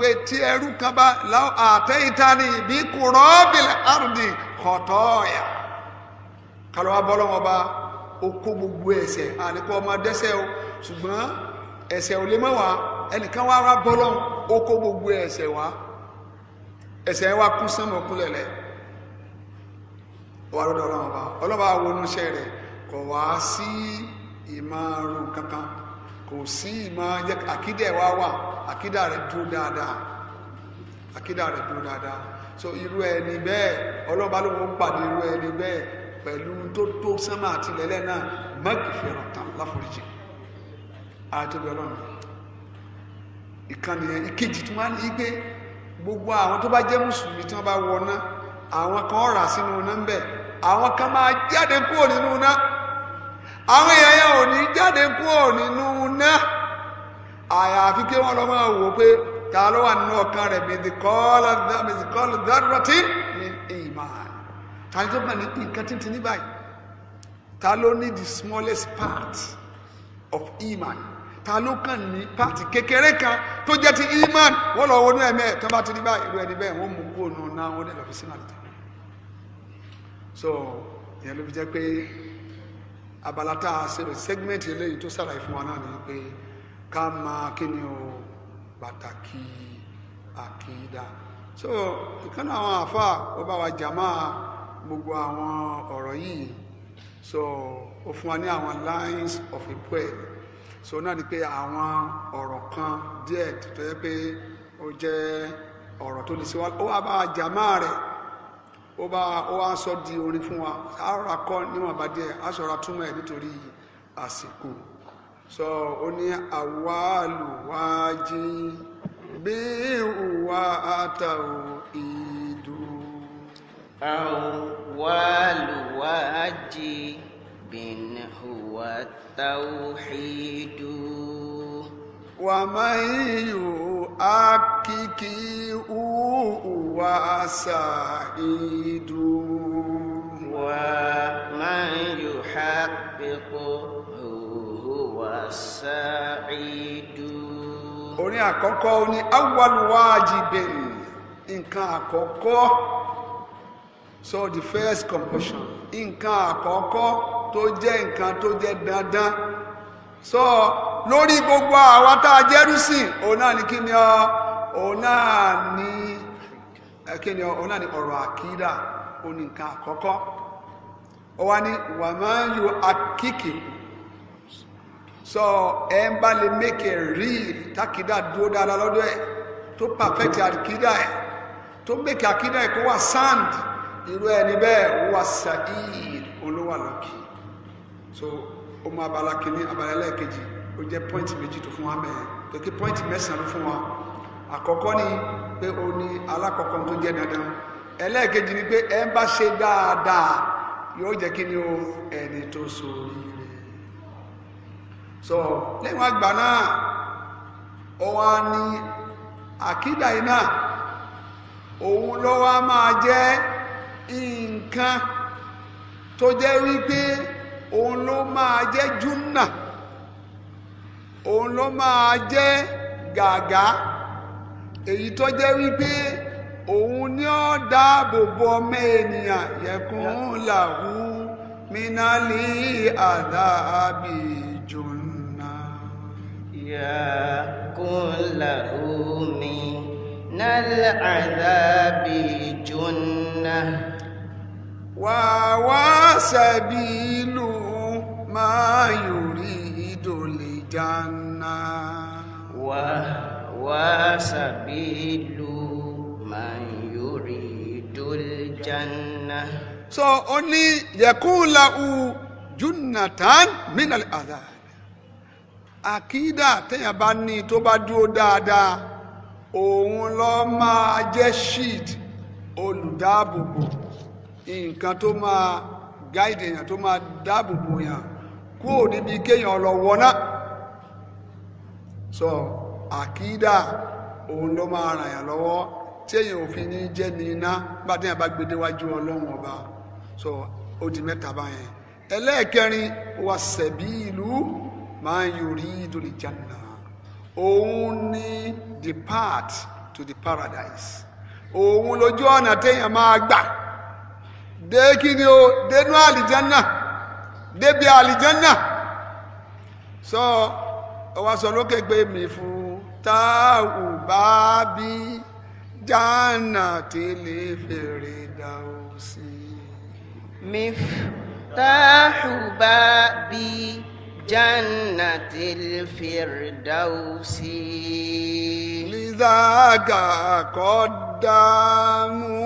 pé tí ẹrú kan bá àtẹ́yìntà ni ìbí kùrọ́ bìlẹ̀ àrùndì kọ̀tọ́ ọ̀yà kálọ̀ wá bọ́lọ́wọ́ bá ó kó gbogbo ẹsẹ̀ àníkọ́ ọmọ dẹ́sẹ̀ o ṣùgbọ́n ẹsẹ̀ ò lè mọ́ wá ẹnìkan wá wá bọ́lọ́ ó kó gbogbo ẹsẹ̀ wá ẹsẹ̀ wa kún sánmọ̀ kúnlẹ̀ lẹ̀ wà lọ́dọ̀ ọlọ́run ọba ọlọ́run ọba wọnú iṣẹ́ rẹ̀ kò wá sí ìmọ̀-arun kankan kò sí ìmọ̀ jẹ́ àkídà ẹ̀ wá wà àkídà rẹ̀ dúró dáadáa àkídà rẹ̀ dúró dáadáa so irú ẹni bẹ́ẹ̀ ọlọ́run ọba ló ń pàdé irú ẹni bẹ́ẹ̀ pẹ̀lú tó tó sánmọ̀ àti lẹ́lẹ́ náà mẹ́kì fẹ́ràn tán láforíjì àti ọlọ́run ìkànnì ìkejì tó máa ń yí pé gbogbo àwọn tó bá jẹ́ mùsùlùmí tí wọ́n bá wọ ná àwọn kan rà sínú ná ń bẹ̀ àwọn kan máa jáde kúrò nínú ná àwọn èèyàn yẹn ò ní jáde kúrò nínú ná àyàfi pé wọ́n lọ máa wò ó pé ta ló wà nínú ọkàn rẹ̀ mìtìkọ́lù dárúrọ̀tì ní ìmọ̀ ta ni tó gbà ní nǹkan títí ní báyìí ta ló ní the smallest part of iman. E ta ló kàn ní pàtì kékeré kan tó jẹ́ ti iman wọ́n lọ wọnú ẹ̀mí ẹ̀ tó bá ti rí báyìí irú ẹni bẹ́ẹ̀ wọ́n mú kó nù náà wọ́n lọ fi sínú àlùtà so ìyẹn ló fi jẹ́ pé abala tá a ṣe segment eléyìí tó ṣàlàyé fún wa náà ni pé ká máa kí ni o pàtàkì àkìdá so ìkànnì àwọn àfa ó wa jàmá gbogbo àwọn ọ̀rọ̀ yìí so ó fún wa ní àwọn lines of a poem so náà ni pé àwọn ọ̀rọ̀ kan díẹ̀ tó yẹ pé ó jẹ́ ọ̀rọ̀ tó lè ṣe wá ó wá bá jàmá rẹ̀ ó bá ó wá sọ di orin fún wa á rọra kọ́ níwọ̀nba díẹ̀ á sọ̀rọ̀ túmọ̀ ẹ̀ nítorí àsìkò sọ ó ní àwálùwájí bí ìwà àtàwò ìdù. àwálùwájí. رب هو التوحيد ومن يؤككه هو سعيد ومن يحققه هو السعيد orin àkọ́kọ́ ni awwaluwajibin nǹkan àkọ́kọ́ so the first compulsion nǹkan àkọ́kọ́ tó jẹ́ nǹkan tó jẹ́ dandan sọ lórí gbogbo àwa jẹ́rúsìn òun náà ni kí ni òun náà ni kí ni ni ọ̀rọ̀ àkídà òun ni nǹkan àkọ́kọ́ ó wá ní wàmáyù akíkì sọ ẹ ń bá lè mẹ́kẹ̀ rí takídà dúró dáadáa lọ́dọ̀ ẹ̀ tó pàfẹ́tì àkídà ẹ̀ tó mẹ́kẹ̀ àkídà ẹ̀ kó wà sand irú ẹni bẹ́ẹ̀ wà sa'id olówà lọ́kì so ó mú abala kìíní abala ẹlẹ́ẹ̀kejì ó jẹ́ pọ́ìntì méjì tó fún wa mẹ́ẹ̀ tòkí pọ́ìntì mẹ́sàn-án ló fún wa àkọ́kọ́ ni pé ó ní alákọ̀ọ́kọ́ tó jẹ́ dandan ẹlẹ́ẹ̀kejì ni pé ẹ ń bá ṣe dáadáa yóò jẹ́ kí ni o ẹni tó ṣoríire so lẹ́yìn wá gbà náà ó wá ní àkídà yìí náà òun ló máa jẹ́ nǹkan tó jẹ́ wípé òun ló máa jẹ́ júnà òun ló máa jẹ́ gàgá èyí tó jẹ́ wípé òun ni ó dáàbò bo ọmọ ènìyàn yẹkùn làwù mínálì àdáàbì jùnà. yẹkùn làwù mínálì àdáàbì jùnà. وهو سبيل ما يريد الجنة وهو سبيل من يريد الجنة so ó ní yẹkúnláhù júnàtàn mínàlì àdá àkídà téèyàn bá ní tó bá dúró dáadáa òun ló máa jẹ́ sheet olùdáàbòbò nǹkan tó máa gáìdì èèyàn tó máa dáàbò bò èèyàn kúrò níbi kéèyàn lọ wọná sọ àkídà òun ló máa ràn yàn lọ́wọ́ tí èèyàn òfin ní jẹ́ ní iná nígbà tí èèyàn bá gbé déwájú ọlọ́run ọba sọ ó di mẹ́ta báyẹn ẹlẹ́ẹ̀kẹrin wà sẹ̀bí ìlú máa ń yorí ìdòlè jàǹdà òun ní the path to the paradise òun lójú ọ̀nà téèyàn máa gbà dé kí ni o dénú àlìjánà débi àlìjánà sọ ọwọ́ sọ lókè gbé mi fún táàwù bá bí jánà tí lè fèrè dà ó sí. mi táàwù bá bí jánà tí lè fèrè dà ó sí. lizaga kọ́ dààmú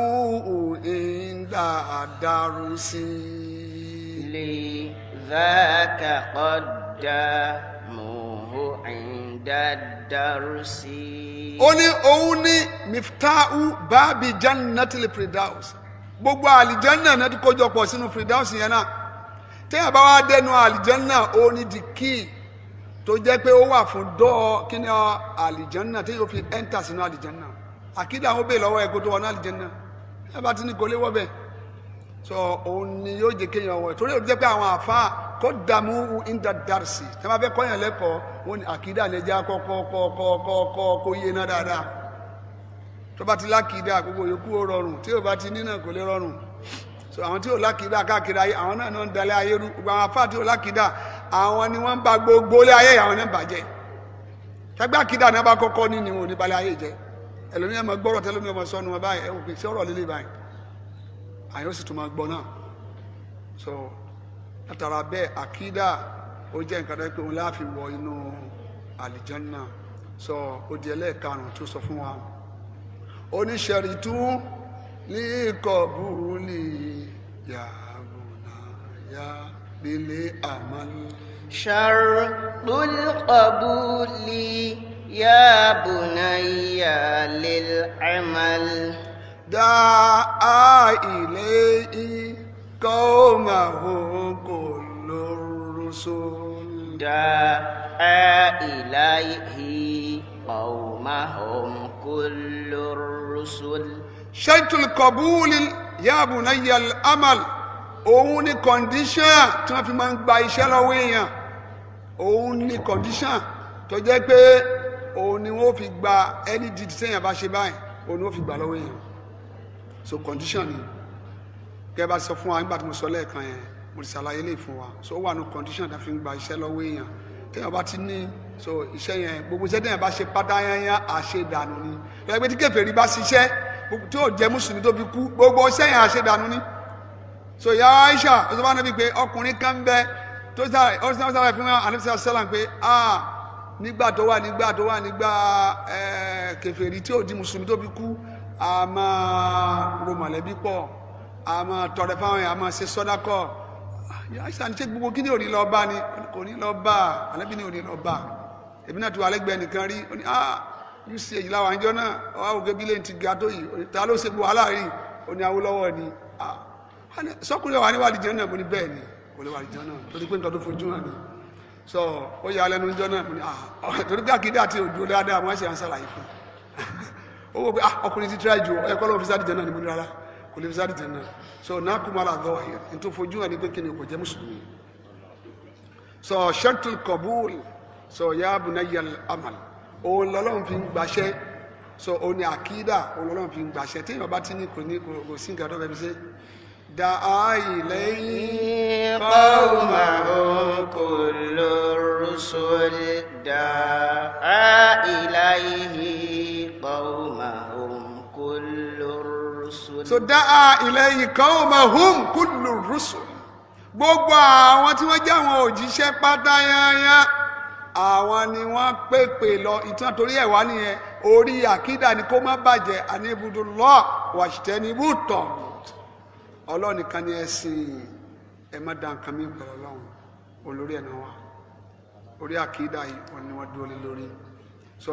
o. الدارس لذاك قدموه عند الدرس ó ní òun ní miftahu báàbí jannatil firdaus gbogbo àlìjánná náà ti kójọ pọ̀ sínú firdaus yẹn náà téèyàn bá wá dẹnu àlìjánná òun ní di kíì tó jẹ́ pé ó wà fún dọ́ọ̀ kí ni àlìjánná téèyàn fi ẹ́ńtà sínú àlìjánná àkídà àwọn obìnrin lọ́wọ́ ẹ̀ kó tó wọnú àlìjánná ẹ bá ti ní kò lè wọ́ bẹ́ẹ̀ so òun ni yóò jẹ kéèyàn wọ torí òun jẹ pé àwọn àfa kó dààmú inda darsi tí wọn bá fẹ́ kọ́yàn lẹ́kọ̀ọ́ wọn ni àkídà lè já kọkọkọkọkọ kó yé náà dáadáa tó bá ti lákìdá gbogbo yòókù ó rọrùn tí ò bá ti nínà kò lè rọrùn so àwọn tí ò lákìdá káàkiri ayé àwọn náà náà ń dalẹ̀ ayé rú gbogbo àwọn àfa tí ò lákìdá àwọn ni wọn bá gbogbo lé ayé àwọn náà bàjẹ́ tẹgbẹ́ àkídà náà bá kọ́kọ́ ní ni wọn ò ní balẹ̀ ayé jẹ ẹlòmíràn mọ gbọ́rọ̀ tẹlómi ọmọ sọnù ọba ẹ òkè sí líle báyìí àyàn sì tún máa gbọ́ náà so látara bẹ́ẹ̀ àkídà ó jẹ́ nǹkan tó yẹ pé òun láàfin wọ inú àlìjánná so ó di ẹlẹ́ẹ̀karùn-ún tó sọ fún wa oníṣẹ́rì tún ní kọ̀ọ̀bù ní yàgùnà yá nílé àmàlú. شرط القبول يا بني للعمل دعا إليه قومه كل الرسل دعا إليه قومهم كل الرسل شرط القبول يا بني الأمل òun ni condition tí wọ́n fi máa ń gba iṣẹ́ lọ́wọ́ èèyàn òun ni condition tó jẹ́ pé òun ni wọ́n fi gba ẹni dídí sẹ́yìn àbáṣe báyìí òun ni wọ́n fi gbà lọ́wọ́ èèyàn so condition ni gẹ́gẹ́ bá sọ fún wa nígbà tí mo sọ lẹ́ẹ̀kan yẹn mo ti ṣàlàyé lè fún wa so ó wà ní condition tá a fi ń gba iṣẹ́ lọ́wọ́ èèyàn téèyàn bá ti ní so iṣẹ́ yẹn gbogbo iṣẹ́ téèyàn bá ṣe pátá yányá àṣedànù ni lọ́gbẹ́ tí kèfèrí bá ṣiṣẹ́ tí yóò jẹ́ mùsùlùmí tó fi kú gbogbo iṣẹ́ yẹn àṣedànù ni so ìyá Aisha ọsọ bá nàbí pé ọkùnrin kan bẹ tó sáré ọsọ sáré fún wa anamisa salam pé ah nígbà tó wà nígbà tó wà nígbà eh, kèfèrí tí yóò di mùsùlùmí tó fi kú a máa ro mọ̀lẹ́bí pọ̀ a máa tọrẹ fáwọn yẹn a máa ṣe sọ́dá kọ́ àìsàn ní ṣe gbogbo kí ni ò ní lọ bá ni kò ní lọ bá àlẹ́bí ni ò lọ bá èmi náà ti wà nìkan rí ó ní ah uch làwọn àjọ náà ọwọ́ àwòké bílẹ̀ ti ga tó yìí ta ló ṣe gbogbo aláàárín ó ní Awólọ́wọ̀ ni ah sọkùnrin wà níwájú jẹun náà mo ní bẹ́ẹ̀ ni kò lè wà jẹun náà torí pé nǹkan tó fojú hàn ni sọ ó yà á lẹ́nu jọ náà mo ní ah torí pé àkídà àti òdúró dáadáa mo ṣe à ń ṣàlàyé fún un owó pé ah ọkùnrin ti tíra jù ẹ̀kọ́ lọ́wọ́ fisadi jẹ́ náà ni mo ní rárá kò lè fisadi jẹ́ náà so náà kú mara àdọ́ ẹ̀ n tó fojú hàn ní pé kíni kò jẹ́ mùsùlùmí so shartul qabul so ya bunayal amal òun lọ́lọ́run fi ń gbaṣẹ́ so òun ni àkídà òun lọ́lọ́run fi ń gbaṣẹ́ téèyàn bá ti ní kò ní kò sí nǹkan tó fẹ́ fi ṣe دعا إليه قومه كل الرسل دعا إليه قومهم كل الرسل so دعا إليه قومهم كل الرسل gbogbo àwọn tí wọ́n jẹ́ àwọn òjíṣẹ́ pátá yányá àwọn ni wọ́n pèpè lọ ìtàn torí ẹ̀wá nìyẹn orí àkídà ni kó má bàjẹ́ àníbùdó lọ wàṣìtẹ́ ní bùtọ̀ ọlọ́run nìkan ni ẹ sìn ẹ mi pẹ̀lú ọlọ́run olórí ẹ̀ náà orí àkídà yìí wọ́n ni wọ́n dúró lórí So,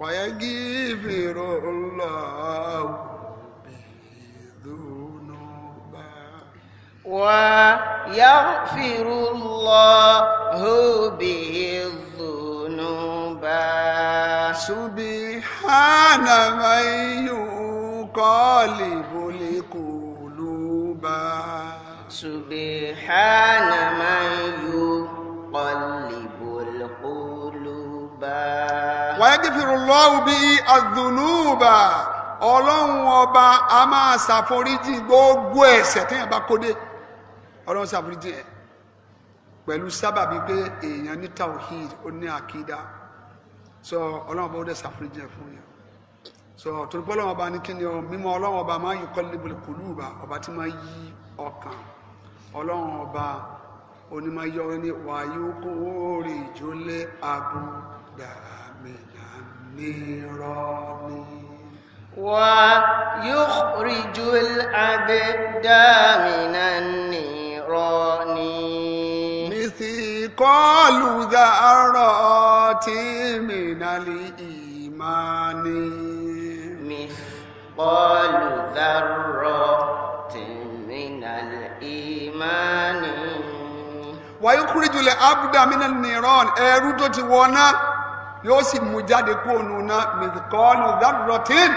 ويغفر الله الذنوب ويغفر الله به الذنوب سبحان من يقالب القلوب سبحان من يقلب wàyẹ́gìfìrù lọ́wọ́ bí àdùnnúùbà ọlọ́run ọba a máa ṣàforíjì gbogbo ẹ̀ṣẹ̀ téèyàn bá kódé ọlọ́run ṣàforíjì ẹ̀ pẹ̀lú sábàbí pé èèyàn ní tawhid ó ní àkídá sọ ọlọ́run ọba ó dẹ̀ ṣàforíjì ẹ̀ fún yẹn sọ torípọ́ ọlọ́run ọba ní kíni ọ mímọ́ ọlọ́run ọba máa ń yíkọ́ lébùlé kùlùbà ọba tí máa yí ọkàn ọlọ́run ọba onímọ̀ yọ ní wàyí ó kó wọ́ọ̀rì ìjólé àbúrò ويخرج العبد من النيران مثقال ذرات من الإيمان مثقال ذرات من الإيمان ويخرج العبد من النيران ẹrú tó yóò sì mú jáde kó o nùnà mìkọ́ọ̀lù dárúrọ̀tìn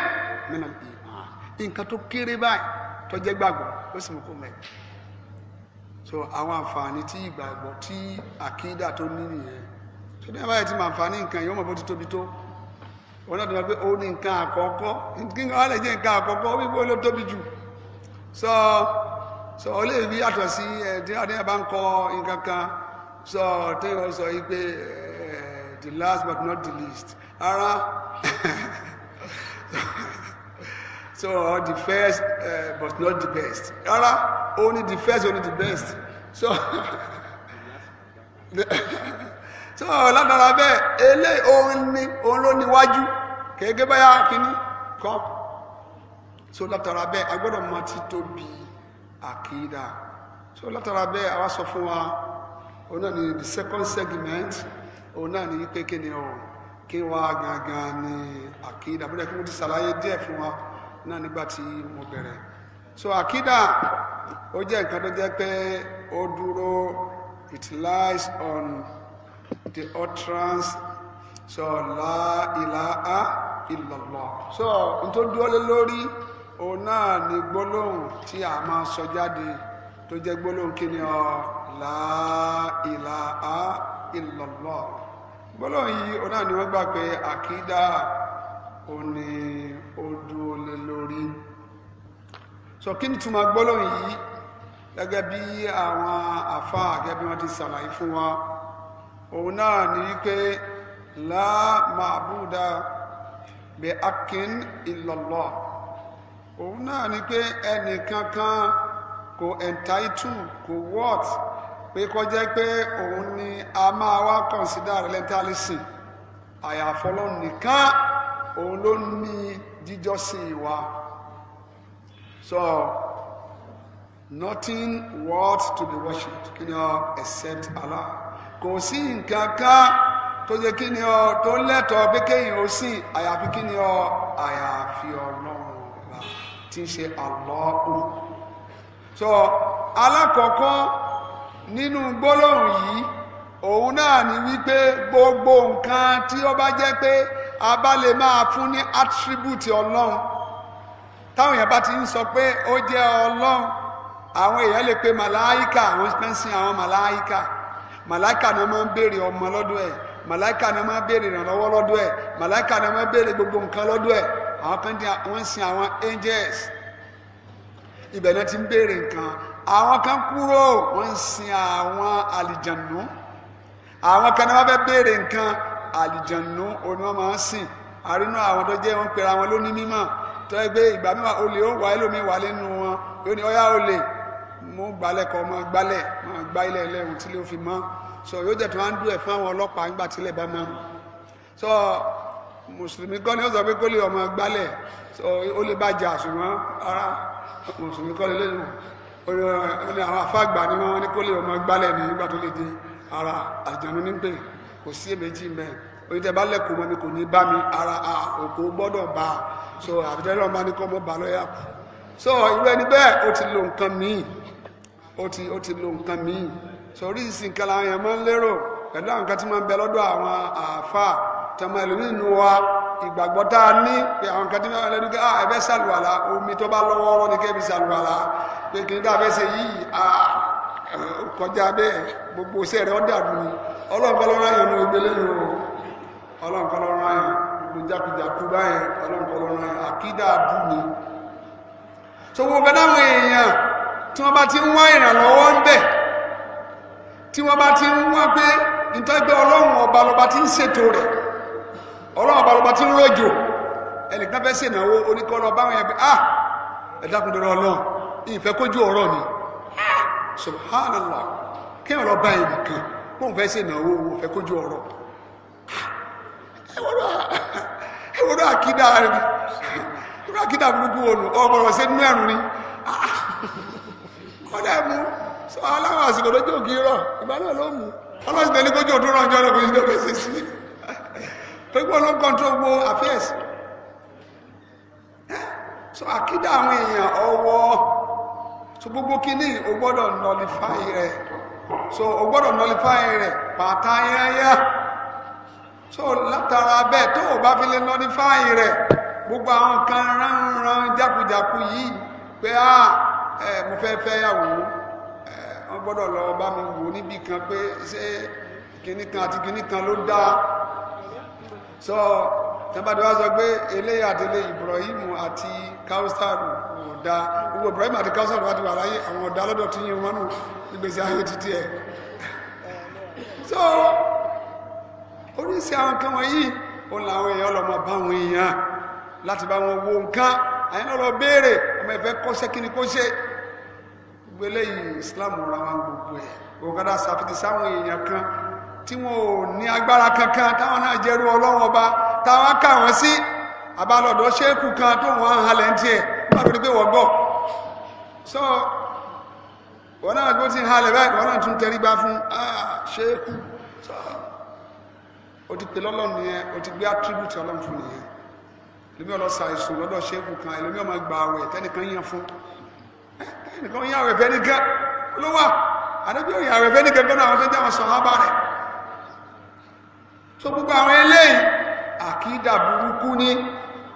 nínú ìmọ̀ nǹkan tó kéré báyìí tó jẹ́ gbàgbọ́ ó sì mú kó mẹ́ so àwọn àǹfààní tí ìgbàgbọ́ tí àkídà tó ní nìyẹn tó dẹ́ báyìí ti mọ àǹfààní nǹkan yóò mọ̀ bó ti tóbi tó wọn náà tó máa pé ó ní nǹkan àkọ́kọ́ kí nǹkan wà lè jẹ́ nǹkan àkọ́kọ́ ó wípé ó ló tóbi jù so so ó lè rí yàtọ̀ sí ẹ̀ eh, tí adéyàn bá ń kọ so téèyàn the last but not the least ara so the first uh, but not the best ara only the first only the best so so ládàra bẹ́ẹ̀ eléyìí òun ni òun ló níwájú kéèké báyà kínní kan so látara bẹ́ẹ̀ a gbọ́dọ̀ máa bi akida. so látara bẹ́ẹ̀ àwa sọ fún wa òun ni the second segment òun náà ní wípé kí ni o kí wá gangan ni àkídà bó jẹ́ ti ṣàlàyé díẹ̀ fún wa náà nígbà tí mo bẹ̀rẹ̀ so àkídà ó jẹ́ nǹkan tó jẹ́ pé ó dúró it lies on the utterance so la ilaha illallah so n tó dúró lé lórí òun náà ni gbólóhùn tí a máa sọ jáde tó jẹ́ gbólóhùn kí ni ọ la ilaha illallah gbọ́dọ̀ yìí ọ̀nà ni wọ́n gbà pé àkídà ò ní ó lórí so kí ni túmọ̀ gbọ́dọ̀ yìí gẹ́gẹ́ bí àwọn àfa gẹ́gẹ́ bí wọ́n ti ṣàlàyé fún wa òun náà ní wípé láàmàbúdà bí akin ìlọ̀lọ̀ òun náà ní pé ẹnìkankan kò entitled kò worth pé kó jẹ́ pé òun ni a máa wá kọ̀ǹsídà rẹ̀ lẹ́ńtálísì àyàfọ́lọ́ nìkan òun ló ní jíjọ́sìn wa so nothing worth to be worshipped kí ni ọ except Allah kò sí nǹkan kan tó jẹ́ kí ni ọ tó lẹ́tọ̀ọ́ pé kéèyàn ó sìn àyàfi kí ni ọ àyàfi ọlọ́run ọba tí ń ṣe Allahu so alákọ̀ọ́kọ́. nínú gbólóhùn yìí òun náà ni wípé gbogbo nǹkan tí ó bá jẹ́ pé a bá lè máa fún ní attribute ọlọ́run táwọn èèyàn bá ti ń sọ pé ó jẹ́ ọlọ́run àwọn èèyàn lè pe màláìkà àwọn pẹ́ńsìn àwọn màláìkà màláìkà náà máa ń béèrè ọmọ lọ́dọ̀ ẹ̀ náà máa ń béèrè ìrànlọ́wọ́ lọ́dọ̀ ẹ̀ náà máa ń béèrè gbogbo nǹkan lọ́dọ̀ ẹ̀ àwọn kan ti ń béèrè nǹkan àwọn kan kúrò wọ́n ń sin àwọn àlìjànú àwọn kan ní wọ́n fẹ́ béèrè nǹkan àlìjànú oní wọ́n máa ń sìn àrínú àwọn tó jẹ́ wọ́n pera wọn lónìí mímọ́ tó yẹ pé ìgbà mímọ́ olè ó wà ẹlòmíín wà lẹ́nu wọn yóò ní ọyá olè mú gbalẹ̀ kọ́ ọmọ gbalẹ̀ ọmọ gbá ilẹ̀ ẹlẹ́run tí lè fi mọ́ so yóò jẹ́ tó wá ń dú ẹ̀ fún àwọn ọlọ́pàá nígbà tí ilẹ̀ bá mọ́ so mùsùlùmí kọ́ ni ó sọ pé kó lè ọmọ gbalẹ̀ so ó lè bàjẹ́ àṣùwọ̀n ara mùsùlùmí kọ́ lè lẹ́nu ọ̀rẹ́ àwọn afágbà ni wọ́n ní kó lè ọmọ gbálẹ̀ ní nígbà tó lè di ara àjànú nígbè kò sí èméjì mẹ́ oníṣẹ́ bá lẹ́kọ̀ọ́ mọ́ mi kò ní bá mi ara òkò gbọ́dọ̀ bá a so àbíjẹ́ náà máa ní kọ́ mọ́ bá lọ́yà so irú ẹni bẹ́ẹ̀ ó ti lo nǹkan míì ó ti lo nǹkan míì so oríṣiríṣi nǹkan làwọn èèyàn máa ń lérò pẹ̀lú àwọn nǹkan tí máa ń bẹ lọ́dọ̀ àwọn àáfàá tẹmọ ẹlòmíín nu wa ìgbàgbọ́ tá a ní pé àwọn kan tí wọ́n lẹ́nu pé ah omi tó bá lọ́wọ́ ọ̀rọ̀ ní kẹ́mi sàlùwàlà pé kì í dá abẹ́sẹ̀ yìí ah kọjá bẹ́ẹ̀ gbogbo iṣẹ́ rẹ̀ ọ́ dàrú ni ọlọ́nkọlọ́rọ́ ayọ̀ ní ogbélé o ayọ̀ so èèyàn tí wọ́n bá ti ń wá ìrànlọ́wọ́ ń bẹ̀ tí wọ́n bá ti ń wá pé ọlọ́run balùbá tí ń rọ̀jò ẹnìkan fẹ́ ṣènáwó oníkọ́nà báwọn yẹn pé ah ẹ dákun dọ̀rọ̀ ọlọ́run ìfẹ́ kójú ọ̀rọ̀ mi ah, subhanallah kí ọ̀rọ̀ bá ẹnì kan bóun fẹ́ ṣènáwó owó fẹ́ kójú ọ̀rọ̀ ah, ẹ wọ́n àkídà rẹ̀ wọ́n àkídà burúkú ònù ọmọ ọ̀rọ̀ sí inú ẹ̀rùn ni kọ́dà ah, mú sọ aláwọ̀ àsìkò lójú òkè rọ̀ ìgbà náà ló mú ọlọ́sìn tẹ́lẹ̀ kójú òdúrọ̀ ọjọ́ rẹ̀ kò sí pẹ̀lú ló control gbogbo affairs so àkídà àwọn èèyàn ọwọ́ so gbogbo kíní o gbọ́dọ̀ nullify rẹ̀ so o gbọ́dọ̀ nullify rẹ̀ pàtà yányá so látara bẹ́ẹ̀ tó o bá fi lè nullify rẹ̀ gbogbo àwọn kan ránran jákujàku yìí pé a ẹ mo fẹ́ fẹ́ yàwó ẹ wọ́n gbọ́dọ̀ lọ bá mi wò níbi kan pé ṣé kíní kan àti kíní kan ló dáa so tẹ́bàdé wá sọ pé eléyà àdélé Ibrahim àti Kausaru ọ̀dà gbogbo Ibrahim àti Kausaru wá ti wà láyé àwọn ọ̀dà lọ́dọ̀ tí yín wọ́n nù ìgbésí ayé títí ẹ̀ so oríṣi àwọn kan wọ̀nyí òun làwọn èèyàn lọ́mọ báwọn èèyàn láti bá wọn wo nǹkan àyìn lọ́lọ́ béèrè ọmọ ìfẹ́ kọ́ṣẹ́ kí ni kó ṣe gbogbo eléyìí Islam ra wọn gbogbo ẹ̀ òkàdá sàfitì sáwọn èèyàn kan tí wọn ò ní agbára kankan táwọn náà jẹ́rú ọlọ́wọ́n ọba táwọn kà wọ́n sí àbálọ̀dọ̀ ṣéèkù kan tó wọ́n halẹ̀ ń tiẹ̀ nígbà tó pé wọ́n gọ̀ so wọ́n náà bó ti ń halẹ̀ báyìí wọ́n náà tún tẹríba fún ah, ṣéèkù so o ti pè lọ́lọ́run nìyẹn o ti gbé attribute ọlọ́run fún nìyẹn ẹlòmíọ́ lọ ṣàìsùn lọ́dọ̀ ṣéèkù kan ẹlòmíọ́ máa gba àwẹ̀ tẹ́nìkan yàn fún eh, ẹnìkan yàn àwẹ̀ fẹ́ nìkan ló wà àdébíyàn àwẹ̀ fẹ́ nìkan gbọ́dọ̀ àwọn tó jẹ́ àwọn sọ̀rọ̀ bá rẹ̀ so gbogbo àwọn eléyìí àkídà burúkú ni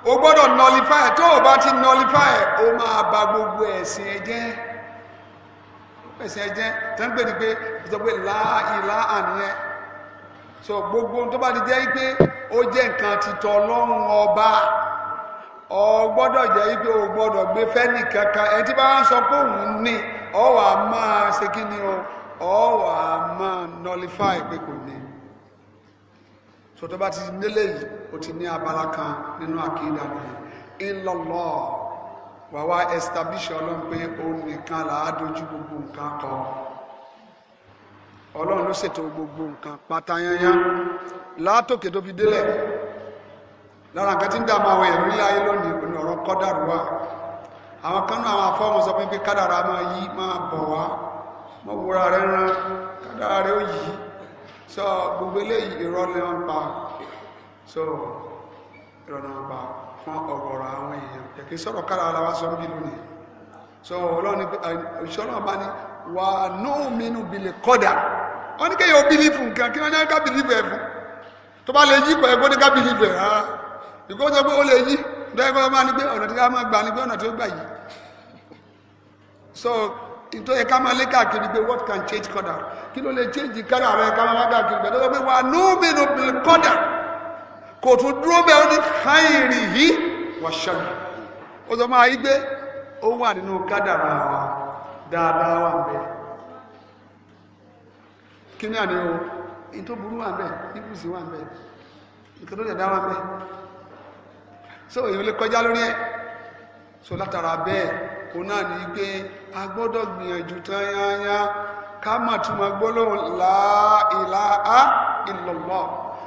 o gbọ́dọ̀ nọlifáì tó o bá ti nọlifáì o máa ba gbogbo ẹ̀sìn ẹ jẹ́ ẹ̀sìn ẹ jẹ́ tó ń pè ní pé sọ pé láìlá so gbogbo tó bá ti jẹ́ pé ó jẹ́ nǹkan titọ́ ọlọ́run ọba ọ gbọ́dọ̀ jẹ́ wípé o gbọ́dọ̀ gbé fẹ́ni kankan ẹni tí bá ń sọ pé òun ní ọ wà máa ṣe kí ni o ọ wà máa nọlifáì pé kò ní so tó bá ti nílé yìí ó ti ní abala kan nínú àkídà rẹ̀ ńlọ́lọ́ wà wá establish ọlọ́run pé òun nìkan làá dojú gbogbo nǹkan kọ ọlọ́run ló ṣètò gbogbo nǹkan pátáyányá látòkè tó fi délẹ̀ lára nǹkan tí ń dààmú àwọn èèyàn nílé ayé lónìí òní ọ̀rọ̀ kọ́dàrú wà àwọn kan náà àwọn afọ́mọ sọ pé kádàrá máa yí máa bọ̀ wá mọ́ wúra rẹ̀ ran kádàrá rẹ̀ ó yìí so gbogbo eléyìí irọ́ ni wọ́n pa so irọ́ ni wọ́n pa fún ọ̀gọ̀rọ̀ àwọn èèyàn kẹ̀kẹ́ sọ̀rọ̀ kára ara wa sọ bí lónìí so ọlọ́ni ìṣọ́nà bá ní wà nóò mínú bìlẹ̀ kọ́dà wọ́n ní kéèyàn bìlífù nǹkan kí wọ́n ní ká bìlífù ẹ̀ fún tó bá lè yí kọ̀ ẹ̀kọ́ ní ká bìlífù ẹ̀ rárá ìkọ́ sọ pé ó lè yí dẹ́gbẹ́ ọmọ ní pé ọ̀nà tí ká máa gbà ní pé ọ̀nà tí ó gbà yìí so nítorí ká máa lé káàkiri pé what can change kọ́dà kí ló lè change kọ́dà rẹ ká máa káàkiri pẹ̀lú pé wà ní òmìnira obìnrin kọ́dà kò tún dúró bẹ́ẹ̀ ó ní káyìnrì yìí wà ṣẹ́yìn ó sọ máa yí pé ó wà nínú kádàrá wa dáadáa wà bẹ́ẹ̀ kí ni àná o ètò burú wà bẹ́ẹ̀ ibùsùn wà bẹ́ẹ̀ nǹkan tó lè dá wà bẹ́ẹ̀ so èyí lè kọjá lórí ẹ̀ so látara bẹ́ẹ̀ òun náà ní pé a gbọ́dọ̀ gbìyànjú tán yányá ká mà tún máa gbólóhùn láà ìlàá illallah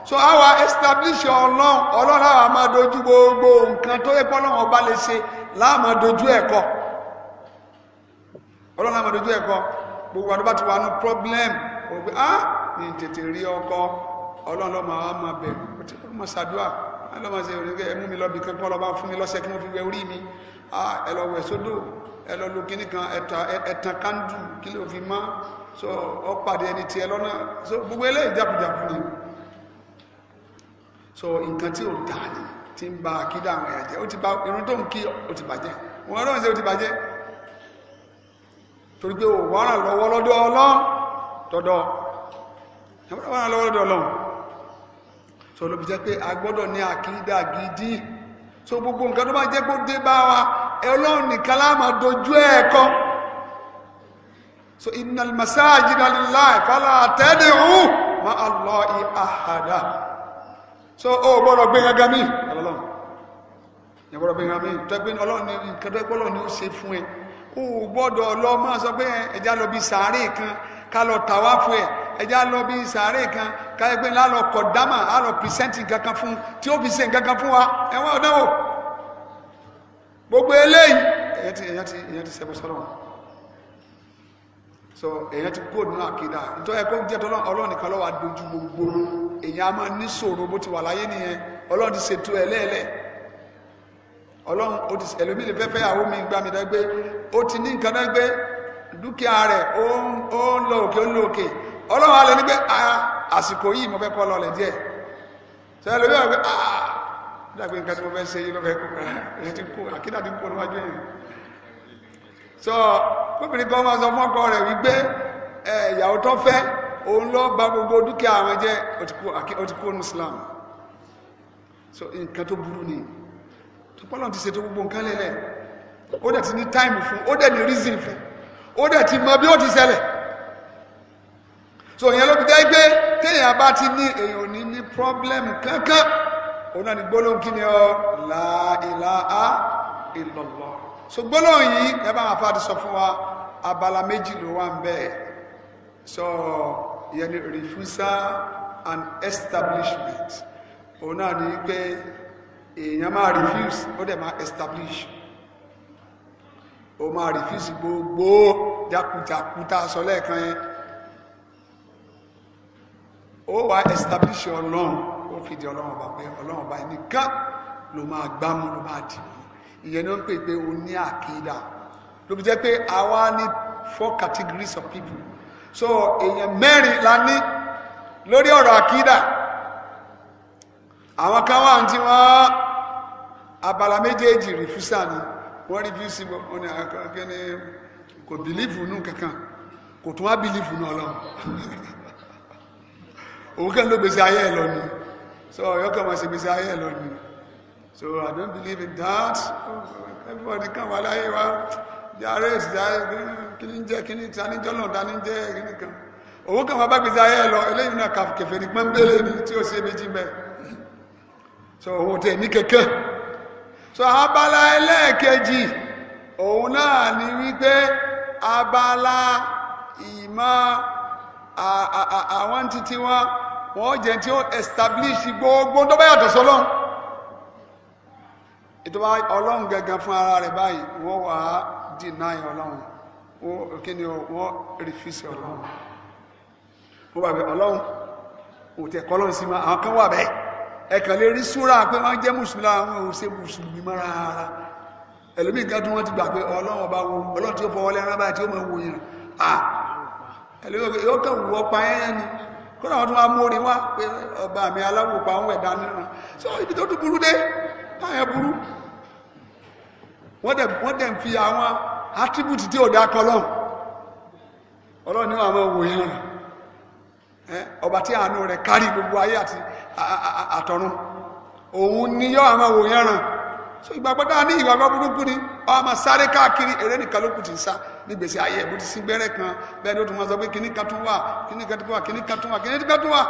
so àwa establish ọlọ́run ọlọ́run àwa máa dojú gbogbo nǹkan tó yẹ pọ́lọ́run ọba lè ṣe láàmà dojú ẹ̀kọ́ ọlọ́run láàmà ẹ̀kọ́ gbogbo àdúgbà tí wà ní problem ah, ògbé á ní tètè rí ọkọ ọlọ́run lọ́mọ àwọn ọmọ bẹ̀rù ó ti kọ́ mọ́ ṣàdúrà ọlọ́mọ ṣe òrìṣẹ́ ẹ̀mú mi lọ́bì kankan lọ́ba fún mi lọ́sẹ̀ kí wọ́n fi wẹ orí mi ẹlọ́wẹ̀ sódò ẹlọ́lu kìíní kan ẹ̀tàn kandu kí ló fi mọ́ so ọ pàdé ẹni tí ẹlọ́nà so gbogbo eléyìí jákujàku ni so nǹkan tí ò dáa ni ti ń ba àkídà àwọn ẹ̀yà jẹ́ ó ti ba irun tó ń kí ó ti bàjẹ́ wọn lọ́wọ́ sí ó ti bàjẹ́ torí pé ò wọ́n ràn lọ́wọ́ lọ́dọ̀ ọlọ́run tọ́dọ̀ wọ́n ràn lọ́wọ́ lọ́dọ̀ ọlọ́run so ló fi jẹ́ pé a ní àkídà gidi so gbogbo nǹkan tó bá jẹ́ kó dé bá wa ọlọ́run nìkan la máa dojú ẹ̀ kọ́ so innal masajida lillahi fala tad'u ma Allahi ahada so ó gbọ́dọ̀ gbé gangan mi ọlọ́run yẹn gbọ́dọ̀ gbé gangan mi tẹ́gbẹ́ ọlọ́run ní nǹkan tó gbọ́dọ̀ ní ó ṣe fún ẹ ó gbọ́dọ̀ lọ máa sọ pé ẹja lọ bí sàárè kan ká lọ tàwa fún ẹ ẹja lọ bi sàárè kan káyọ pé n'alọ kọ dámà àlọ pìrìsẹ́ǹtì kankan fún tí ó fi se nǹkan fún wa ẹ̀wọ̀n ọ̀dánwò gbogbo eléyìí èyàn ti èyàn ti èyàn ti ṣẹbọ so èyàn ti kóòdù náà kéda nítorí ẹ̀kọ́ jẹ́ tọ́lọ́ lọ́wọ́ adójú gbogbo a máa ní sòrò bó ti wà láyé nìyẹn ti ṣètò ẹ̀ fẹ́fẹ́ àwọn omi ó ti ní nǹkan dúkìá rẹ̀ ó ń lọ òkè ó ń lọ òkè ọlọ́run alẹ́ ní pé ah, àsìkò yìí mo fẹ́ kọ́ lọlẹ̀ díẹ̀ sọ ẹlòmí ọ̀rọ̀ pé ah, dàgbé nǹkan tí mo fẹ́ ṣe yìí ló fẹ́ kó ah, èyí ti kó àkídà ti kó níwájú yìí sọ kóbìnrin kan máa sọ fún ọkọ rẹ̀ wípé ìyàwó tó fẹ́ òun lọ bà gbogbo dúkìá àwọn jẹ́ ó ti kó ní Islam so nǹkan tó burú ni tó pọ́lọ̀ ti ṣètò gbogbo nǹkan lẹ́lẹ̀ ó dẹ̀ ti ní táìmù fún ó bí ó ti ṣẹlẹ̀ so ìyẹn ló fi jẹ́ pé téèyàn bá ti ní èèyàn ò ní ní pọ́blẹ́mù kankan òun náà ni gbólóhùn kí ni ọ la ilaha illallah so gbólóhùn yìí ẹ bá wọn afa ti sọ fún wa abala méjì ló wà ń bẹ́ẹ̀ so ìyẹn ni refusal and establishment òun náà ni pé èèyàn máa refuse ó dẹ̀ máa establish ó máa refuse gbogbo jákujàkuta sọ lẹ́ẹ̀kan yẹn ó wá establish ọlọ́run ó fìdí ọlọ́run ọba pé ọlọ́run ọba nìkan ló máa gbámú ló máa dì mú ìyẹn ni ń pè pé o ní àkídà ló fi jẹ́ pé àwa ní four categories of people so èèyàn mẹ́rin la ní lórí ọ̀rọ̀ àkídà àwọn kan wà tí wọ́n abala méjèèjì rìfúsà ni wọ́n rí bíúsì wọn ni àkọ́kẹ́ ni kò bìlífù nù kankan kò tún wá bìlífù nù ọlọ́run òun kàn ló gbèsè ayé ẹ̀ lọ ni so ọ̀yọ́ kàn máa ṣe gbèsè ayé ẹ̀ lọ ni so i don't believe in that everybody kàn wà láyé wa yàrá èsì kí ni jẹ́ kí ni ta ni jọ́lọ̀ ta ni jẹ́ kí ni kan òun kàn máa bá gbèsè ayé ẹ̀ lọ eléyìí náà kẹfẹ́ ní pọ́nbélé ni tí ó ṣe méjì mẹ́ so òun tẹ̀ ní kẹ̀kẹ́ so abala ẹlẹ́ẹ̀kejì òun náà ni wípé abala ìmọ̀ àwọn títí wọn wọ́n jẹ́ tí ó establish gbogbo tó bá yàtọ̀ sọ́lọ́n ètò bá ọlọ́run gẹ́gẹ́ fún ara rẹ̀ báyìí wọ́n wà á deny ọlọ́run wọ́n kí ni wọ́n refuse ọlọ́run wọ́n bá bẹ ọlọ́run ò tẹ̀ kọ́ lọ́run sí ma àwọn kan wà bẹ́ẹ̀ ẹ̀kàn lè rí súra pé wọ́n jẹ́ mùsùlùmí láwọn ò ṣe mùsùlùmí mọ́ rárá ẹlòmíì kan tí wọ́n ti gbà pé ọlọ́run ọba wo ọlọ́run tí ó fọwọ́ lẹ́rán báyìí tí ó mọ̀ wòyàn ah ẹlòmíì yóò kàn wọ́ pa ẹ́yẹ́ ni kó náà tún wá mórí wá pé ọba mi aláwòpá ń wẹ̀dá nínú so ibi tó tún burú dé táyẹ̀ burú wọ́n dẹ̀ ń fi àwọn attribute tí ò dá kọlọ́n ní wọn àwọn òwòyàn ọba tí àánú rẹ̀ kárí gbogbo ayé àti àtọ̀run òun ni so ìgbàgbọ́ dáa ní ìgbàgbọ́ burúkú ni ọmọ máa sáré káàkiri eré nìkan ló kù ti ń sá ní gbèsè ayé ẹ̀bùn ti sí gbẹ́rẹ́ kan bẹ́ẹ̀ ni ó tún máa sọ pé kíní kan tún wà kíní kan tún wà kíní kan tún wà kíní kan tún wà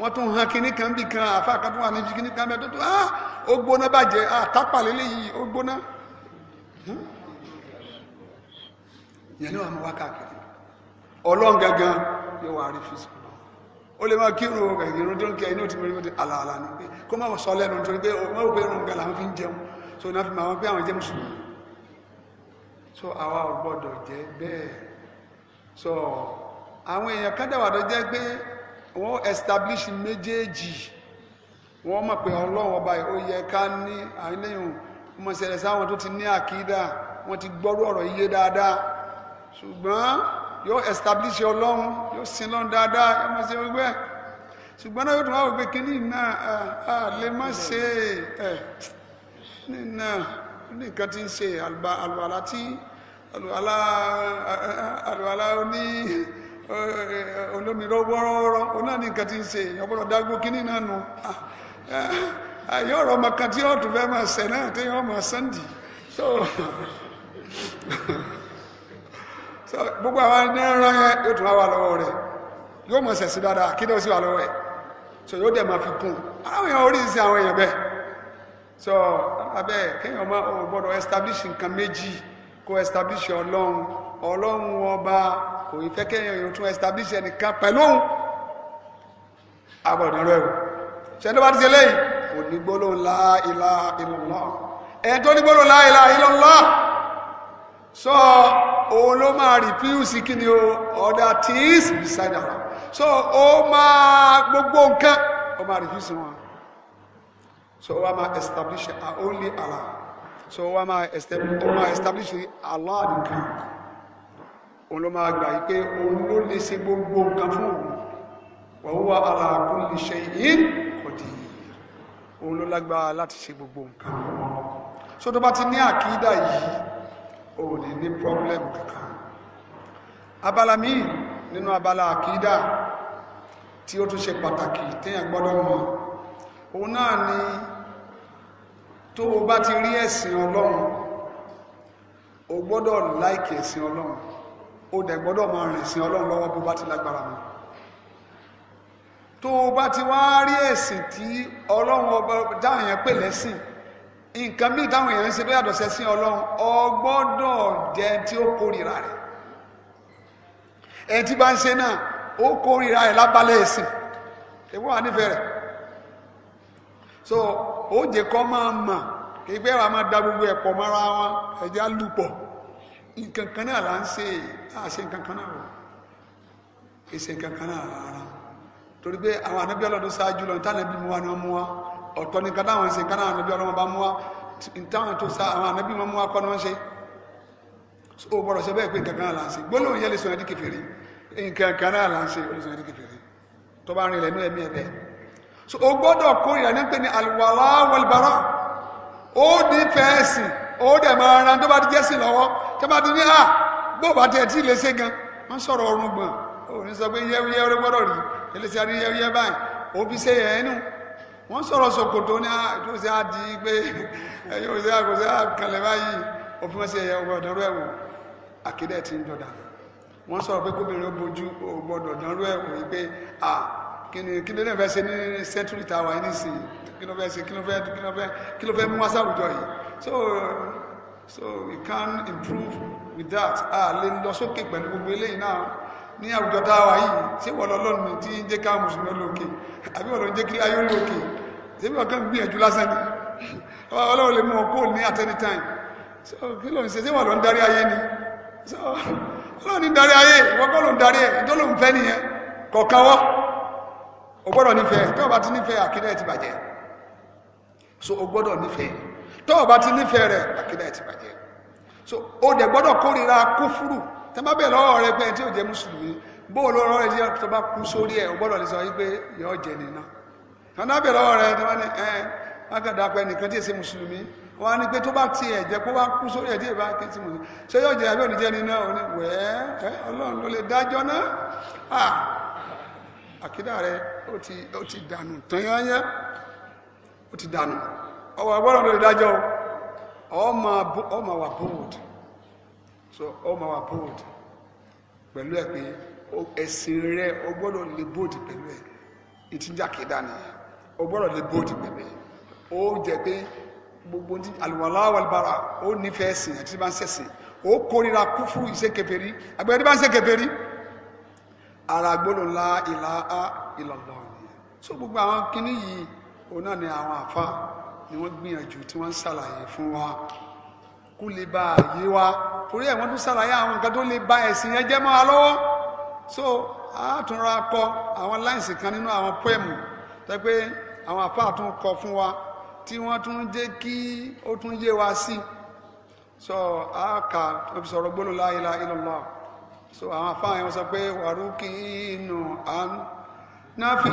wọ́n tún han kíní kan bì kan àfa kan tún wà ní kíní kan bẹ́ẹ̀ tó tún ah ó gbóná bàjẹ́ ah tápà lélẹ́yìí ó gbóná hmm? yẹn ni wọ́n máa wá káàkiri ọlọ́run gangan yóò wá rí físíkù ó lè máa kírun ọgbà tó ń kẹ inú ti mú ìrún àlàálà ní pé kó má sọ lẹ́nu nítorí pé wọ́n pé irun gan làwọn fi ń jẹun so náà fi máa wọ́n pé àwọn jẹ́ mùsùlùmí so àwa ò gbọ́dọ̀ jẹ́ bẹ́ẹ̀ so àwọn èèyàn kádàwàdọ̀ jẹ́ pé wọ́n establish méjèèjì wọ́n mọ̀ pé ọlọ́run ọba ó yẹ ká ní àìlẹ́yìn mọ̀sẹ̀lẹ̀ sáwọn tó ti ní àkídà wọ́n ti gbọ́rú ọ̀rọ̀ iye dáadáa ṣùgbọ́n yóò establish ọlọ́run yóò sin lọ́run dáadáa yóò máa ṣe gbogbo ẹ̀ ṣùgbọ́n náà yóò tún wá wípé kínní náà a lè má ṣe ẹ̀ nínà nìkan ti ń ṣe àlùbàlà tí àlùbàlà oní olómìnira wọ́rọ́wọ́rọ́ oná nìkan ti ń ṣe èèyàn gbọ́dọ̀ dágbó kínní náà nù yóò rọ ọmọ kan tí yóò tún fẹ́ máa ṣẹ̀ náà tí yóò máa sẹ́ndì so gbogbo àwọn ẹni rán yẹn yóò tún wá lọ́wọ́ rẹ̀ yóò mọ̀ ṣẹ̀sí dáadáa kí ló sì wà lọ́wọ́ ẹ̀ so yóò dẹ̀ máa fi kún àwọn èèyàn oríṣiríṣi àwọn èèyàn bẹ́ẹ̀ so abẹ́ kéèyàn máa ò gbọ́dọ̀ establish nǹkan méjì kó establish ọlọ́run ọlọ́run ọba kò ì fẹ́ kéèyàn yóò tún establish ẹnìkan pẹ̀lú òun àbọ̀dọ̀ rẹ̀ o ṣẹ́ni bá ti ṣe lẹ́yìn kò ní gbólóhùn la ilaha illallah ẹ̀ tó ní gbólóhùn la ilaha illallah so òun ló máa refuse kí ni o other things beside Allah so ó máa gbogbo nǹkan ó máa refuse wọn so wa máa establish only Allah so wa máa establish Allah nìkan òun ló máa gbà yí pé òun ló lè ṣe gbogbo nǹkan fún òun wa huwa ala kulli shay'in qadir òun ló lágbára láti ṣe gbogbo nǹkan so tó bá ti ní àkídà yìí ò ní problem kankan abala míì nínú abala àkídà tí ó tún ṣe pàtàkì téèyàn gbọ́dọ̀ mọ̀ òun náà ni tó o bá ti rí ẹ̀sìn ọlọ́run o gbọ́dọ̀ láìkì ẹ̀sìn ọlọ́run o dẹ̀ gbọ́dọ̀ máa rìn sí ọlọ́run lọ́wọ́ bó bá ti lágbára mọ́ tó o bá ti wá rí ẹ̀sìn tí ọlọ́run ọba dáhùn yẹn nǹkan míì táwọn èèyàn ń ṣe tó yàtọ̀ sẹ́sìn ọlọ́run ọgbọ́dọ̀ jẹ́ tí ó kórìíra rẹ̀ ẹni tí bá ń ṣe náà ó kórìíra rẹ̀ lábálẹ̀ ẹ̀sìn èwo wà nífẹ̀ẹ́ rẹ̀ so ó jẹ́ kọ́ máa mà ìgbẹ́ wa máa da gbogbo ẹ̀pọ̀ mọ́ra wọn ẹ̀jẹ̀ á lù pọ̀ nǹkan kan náà là ń ṣe àṣe nǹkan kan náà rọ̀ èsì nǹkan kan náà rárá torí pé àwọn ànábíọ́lọ́dún ṣáájú lọ ní tánàbí wa ni wọ́n mú wa ọ̀tọ̀ ní nǹkan táwọn ń ṣe nǹkan táwọn ànábì ọlọ́run bá mú wa táwọn tó sa àwọn ànábì wọn mú wa kọ́ ni wọ́n ṣe ó gbọ́dọ̀ ṣe bẹ́ẹ̀ pé nǹkan kan náà là ń ṣe gbólóhùn yẹn lè sọ ẹni kèfèrí nǹkan náà là ń lè sọ ẹni kèfèrí tó bá rìn lẹ́nu ẹ̀mí so o gbọ́dọ̀ kórìíra ní pé ní àlùwàlá wọlbàrà o ní fẹ́ẹ̀sì ó dẹ̀ máa ran tó bá ti jẹ́sìn lọ́wọ́ tó bá ti ní à ah, bó bá tiẹ̀ tí ì lè ṣe gan wọ́n sọ̀rọ̀ ọrùn gbọ̀n o ní sọ pé yẹ́rú yẹ́rú rí eléṣẹ́ wọ́n sọ̀rọ̀ ṣòkòtò ní àìtúnṣe àdí pé ẹ̀yìn òṣè àkọsẹ́ àkànlẹ̀ báyìí òfin wọn sí ẹ̀yẹ ọgbọ̀n ọ̀dọ́rú ẹ̀wò àkédé ti ń dọ̀dà wọ́n sọ̀rọ̀ pé kóbìnrin bojú ọgbọ̀n ọ̀dọ́rú ẹ̀wò yìí pé à kí ló fẹ́ ṣe ní sẹ́ńtúrì tàwa yìí nìsín kí ló fẹ́ ṣe kí ló fẹ́ kí ló fẹ́ mú wáṣà àwùjọ yìí so so we can improve with that a lè lọ sókè pẹ̀lú gbogbo eléyìí náà ní àwùjọ tàwa yìí ṣé wọ́n lọ́lọ́run ti ń jẹ́ ká mùsùlùmí olóòkè àbí wọ́n lọ́ ń jẹ́ kí ayé olóòkè ṣebí ọ̀kan gbìyànjú lásán ni ọlọ́run lè mú ọkọ ní at any so kí ló ń ṣe ṣéwà ló ń darí ayé ni so ọlọ́run ní darí ayé ìwọ́kọ́ ló ń darí ẹ̀ tó ló ń fẹ́ nìyẹn kọ̀ọ̀kanwọ́ o gbọ́dọ̀ nífẹ̀ẹ́ tó o bá ti nífẹ̀ẹ́ àkídà ti bàjẹ́ so o gbọ́dọ̀ nífẹ̀ẹ́ tó o bá ti nífẹ̀ẹ́ rẹ̀ àkídà ti bàjẹ́ so o dẹ̀ gbọ́dọ̀ kórìíra kúfúrù tẹ́ bá bẹ̀ lọ́wọ́ rẹ pé tí ò jẹ́ mùsùlùmí bóòlù ọ̀rọ̀ rẹ jẹ́ tó bá kú sórí ẹ̀ o gbọ́dọ̀ lè sọ wípé kaná bẹ̀rẹ̀ wọ́n ẹ agàdá nìkan tí èsì mùsùlùmí wọ́n pé tó bá ti ẹ̀jẹ̀ kó wá kú sórí ẹ̀jẹ̀ ìbá kí èsì mùsùlùmí ṣé yóò jẹ́ abẹ́ oníjẹ́ ni náà ó wẹ́ ọlọ́run ló lè dájọ́ náà àkídà ó ti dànù tán ó ti dànù ọwọ́ ló lè dájọ́ ọmọ wà bold so ọmọ wà bold pẹ̀lú pé ẹ̀sìn lè o gbọ́dọ̀ lè bó ti gbẹ̀gbẹ̀ ó jẹ́ pé gbogbo ní àlùwàláwàlùbára o nífẹ̀ẹ́ sìn àti bá ń sẹ̀sìn ó kórira kúfúrú ìṣe kèfèrí àgbẹ̀rẹ̀ tí bá ń ṣe kèfèrí ara gbọ́dọ̀ la ìlà á ìlọ̀lọ̀ nìyẹn so gbogbo àwọn kinní yìí òun náà ni àwọn àfa ni wọ́n gbìyànjú tí wọ́n ń ṣàlàyé fún wa kú lè ba àyè wa torí ẹ̀ wọ́n tún ṣàlàyé àwọn nǹkan tó lè ba ẹ̀sìn yẹn jẹ́ mọ́ wa lọ́wọ́ so àtúnra kọ àwọn láìsí kan nínú àwọn pọ́ẹ̀mù tẹ́ pé àwọn àfáà tún kọ fún wa tí wọ́n tún jẹ́ kí ó tún yé wa sí so àáka wọ́n fi sọ̀rọ̀ gbólò la ilaha illallah so àwọn àfáà yẹn sọ pé wàrúkì inú àánú nàfi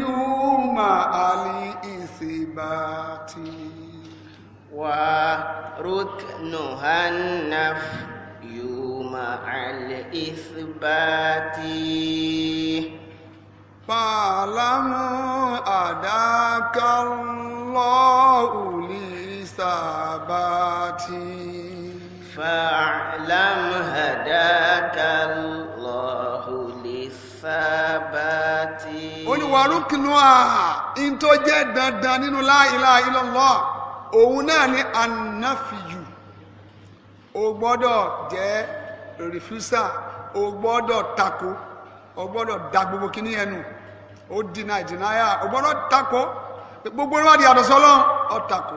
yúùmà àlì ìsìbàtì. وركنها النفي مع الإثبات فاعلموا أداك الله لثباتي فاعلم هداك الله لثباتي olùwàrúkìnnúà in tó jẹ́ dandan nínú la ilaha illallah òun náà ni anáfíyù o gbọ́dọ̀ jẹ́ rìfúsà o gbọ́dọ̀ tako o gbọ́dọ̀ da gbogbo kíní yẹn nù ó dínà ìdínáyà o gbọ́dọ̀ takò gbogbo ní wàá di àdọ̀sọ́ lọ́hùn ọ takò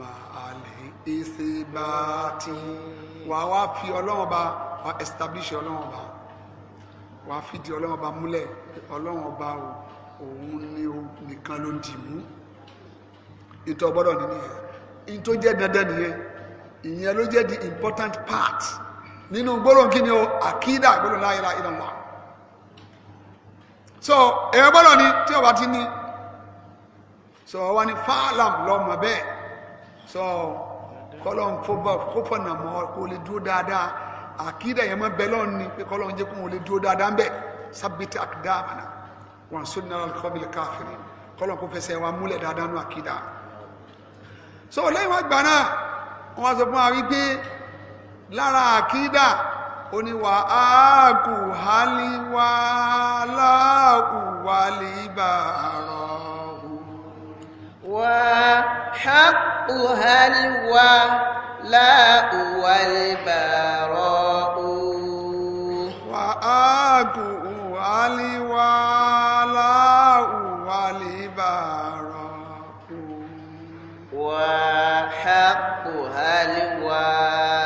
màá lè ṣe bá ti wàá wá fi ọlọ́wọ́n ba wàá establish ọlọ́wọ́n ba wàá fìdí ọlọ́wọ́n ba múlẹ̀ ọlọ́wọ́n ba o òun ni o nìkan ló dì mú ìtọ́ gbọ́dọ̀ nìyẹn ìyẹn tó jẹ́ dandan nìyẹn ìyẹn ló jẹ́ the important part nínú gbọ́dọ̀ kini ni o àkídà gbọ́dọ̀ la ilaha illallah so èèyàn gbọ́dọ̀ ni tí ọba ti ní so wa ni fáàlàm lọ́mọ bẹ́ẹ̀ so kọ́lọ́n kó fọ̀nà mọ́ kó lè dúró dáadáa àkídà yẹn mọ́ bẹ́ẹ̀ lọ́ọ̀ ni pé kọ́lọ́n jẹ́ kó lè dúró dáadáa bẹ́ẹ̀ sábìtì àkídà àmàna wọn sọ ní ara kọ́ mi lè káàfin kọ́lọ́n kó fẹsẹ̀ wa múlẹ̀ dáadáa nù àkídà so lẹ́yìn wọn gbà náà wọn sọ fún wa wípé lára àkídà ó ní wà á kù hálí wà láàkù wà lè bà rọ̀ wà á kù hálí wà láàkù wà lè bà rọ̀ wà á kù hálí wà láàkù wà lè bà rọ̀ wà وحقها الوالد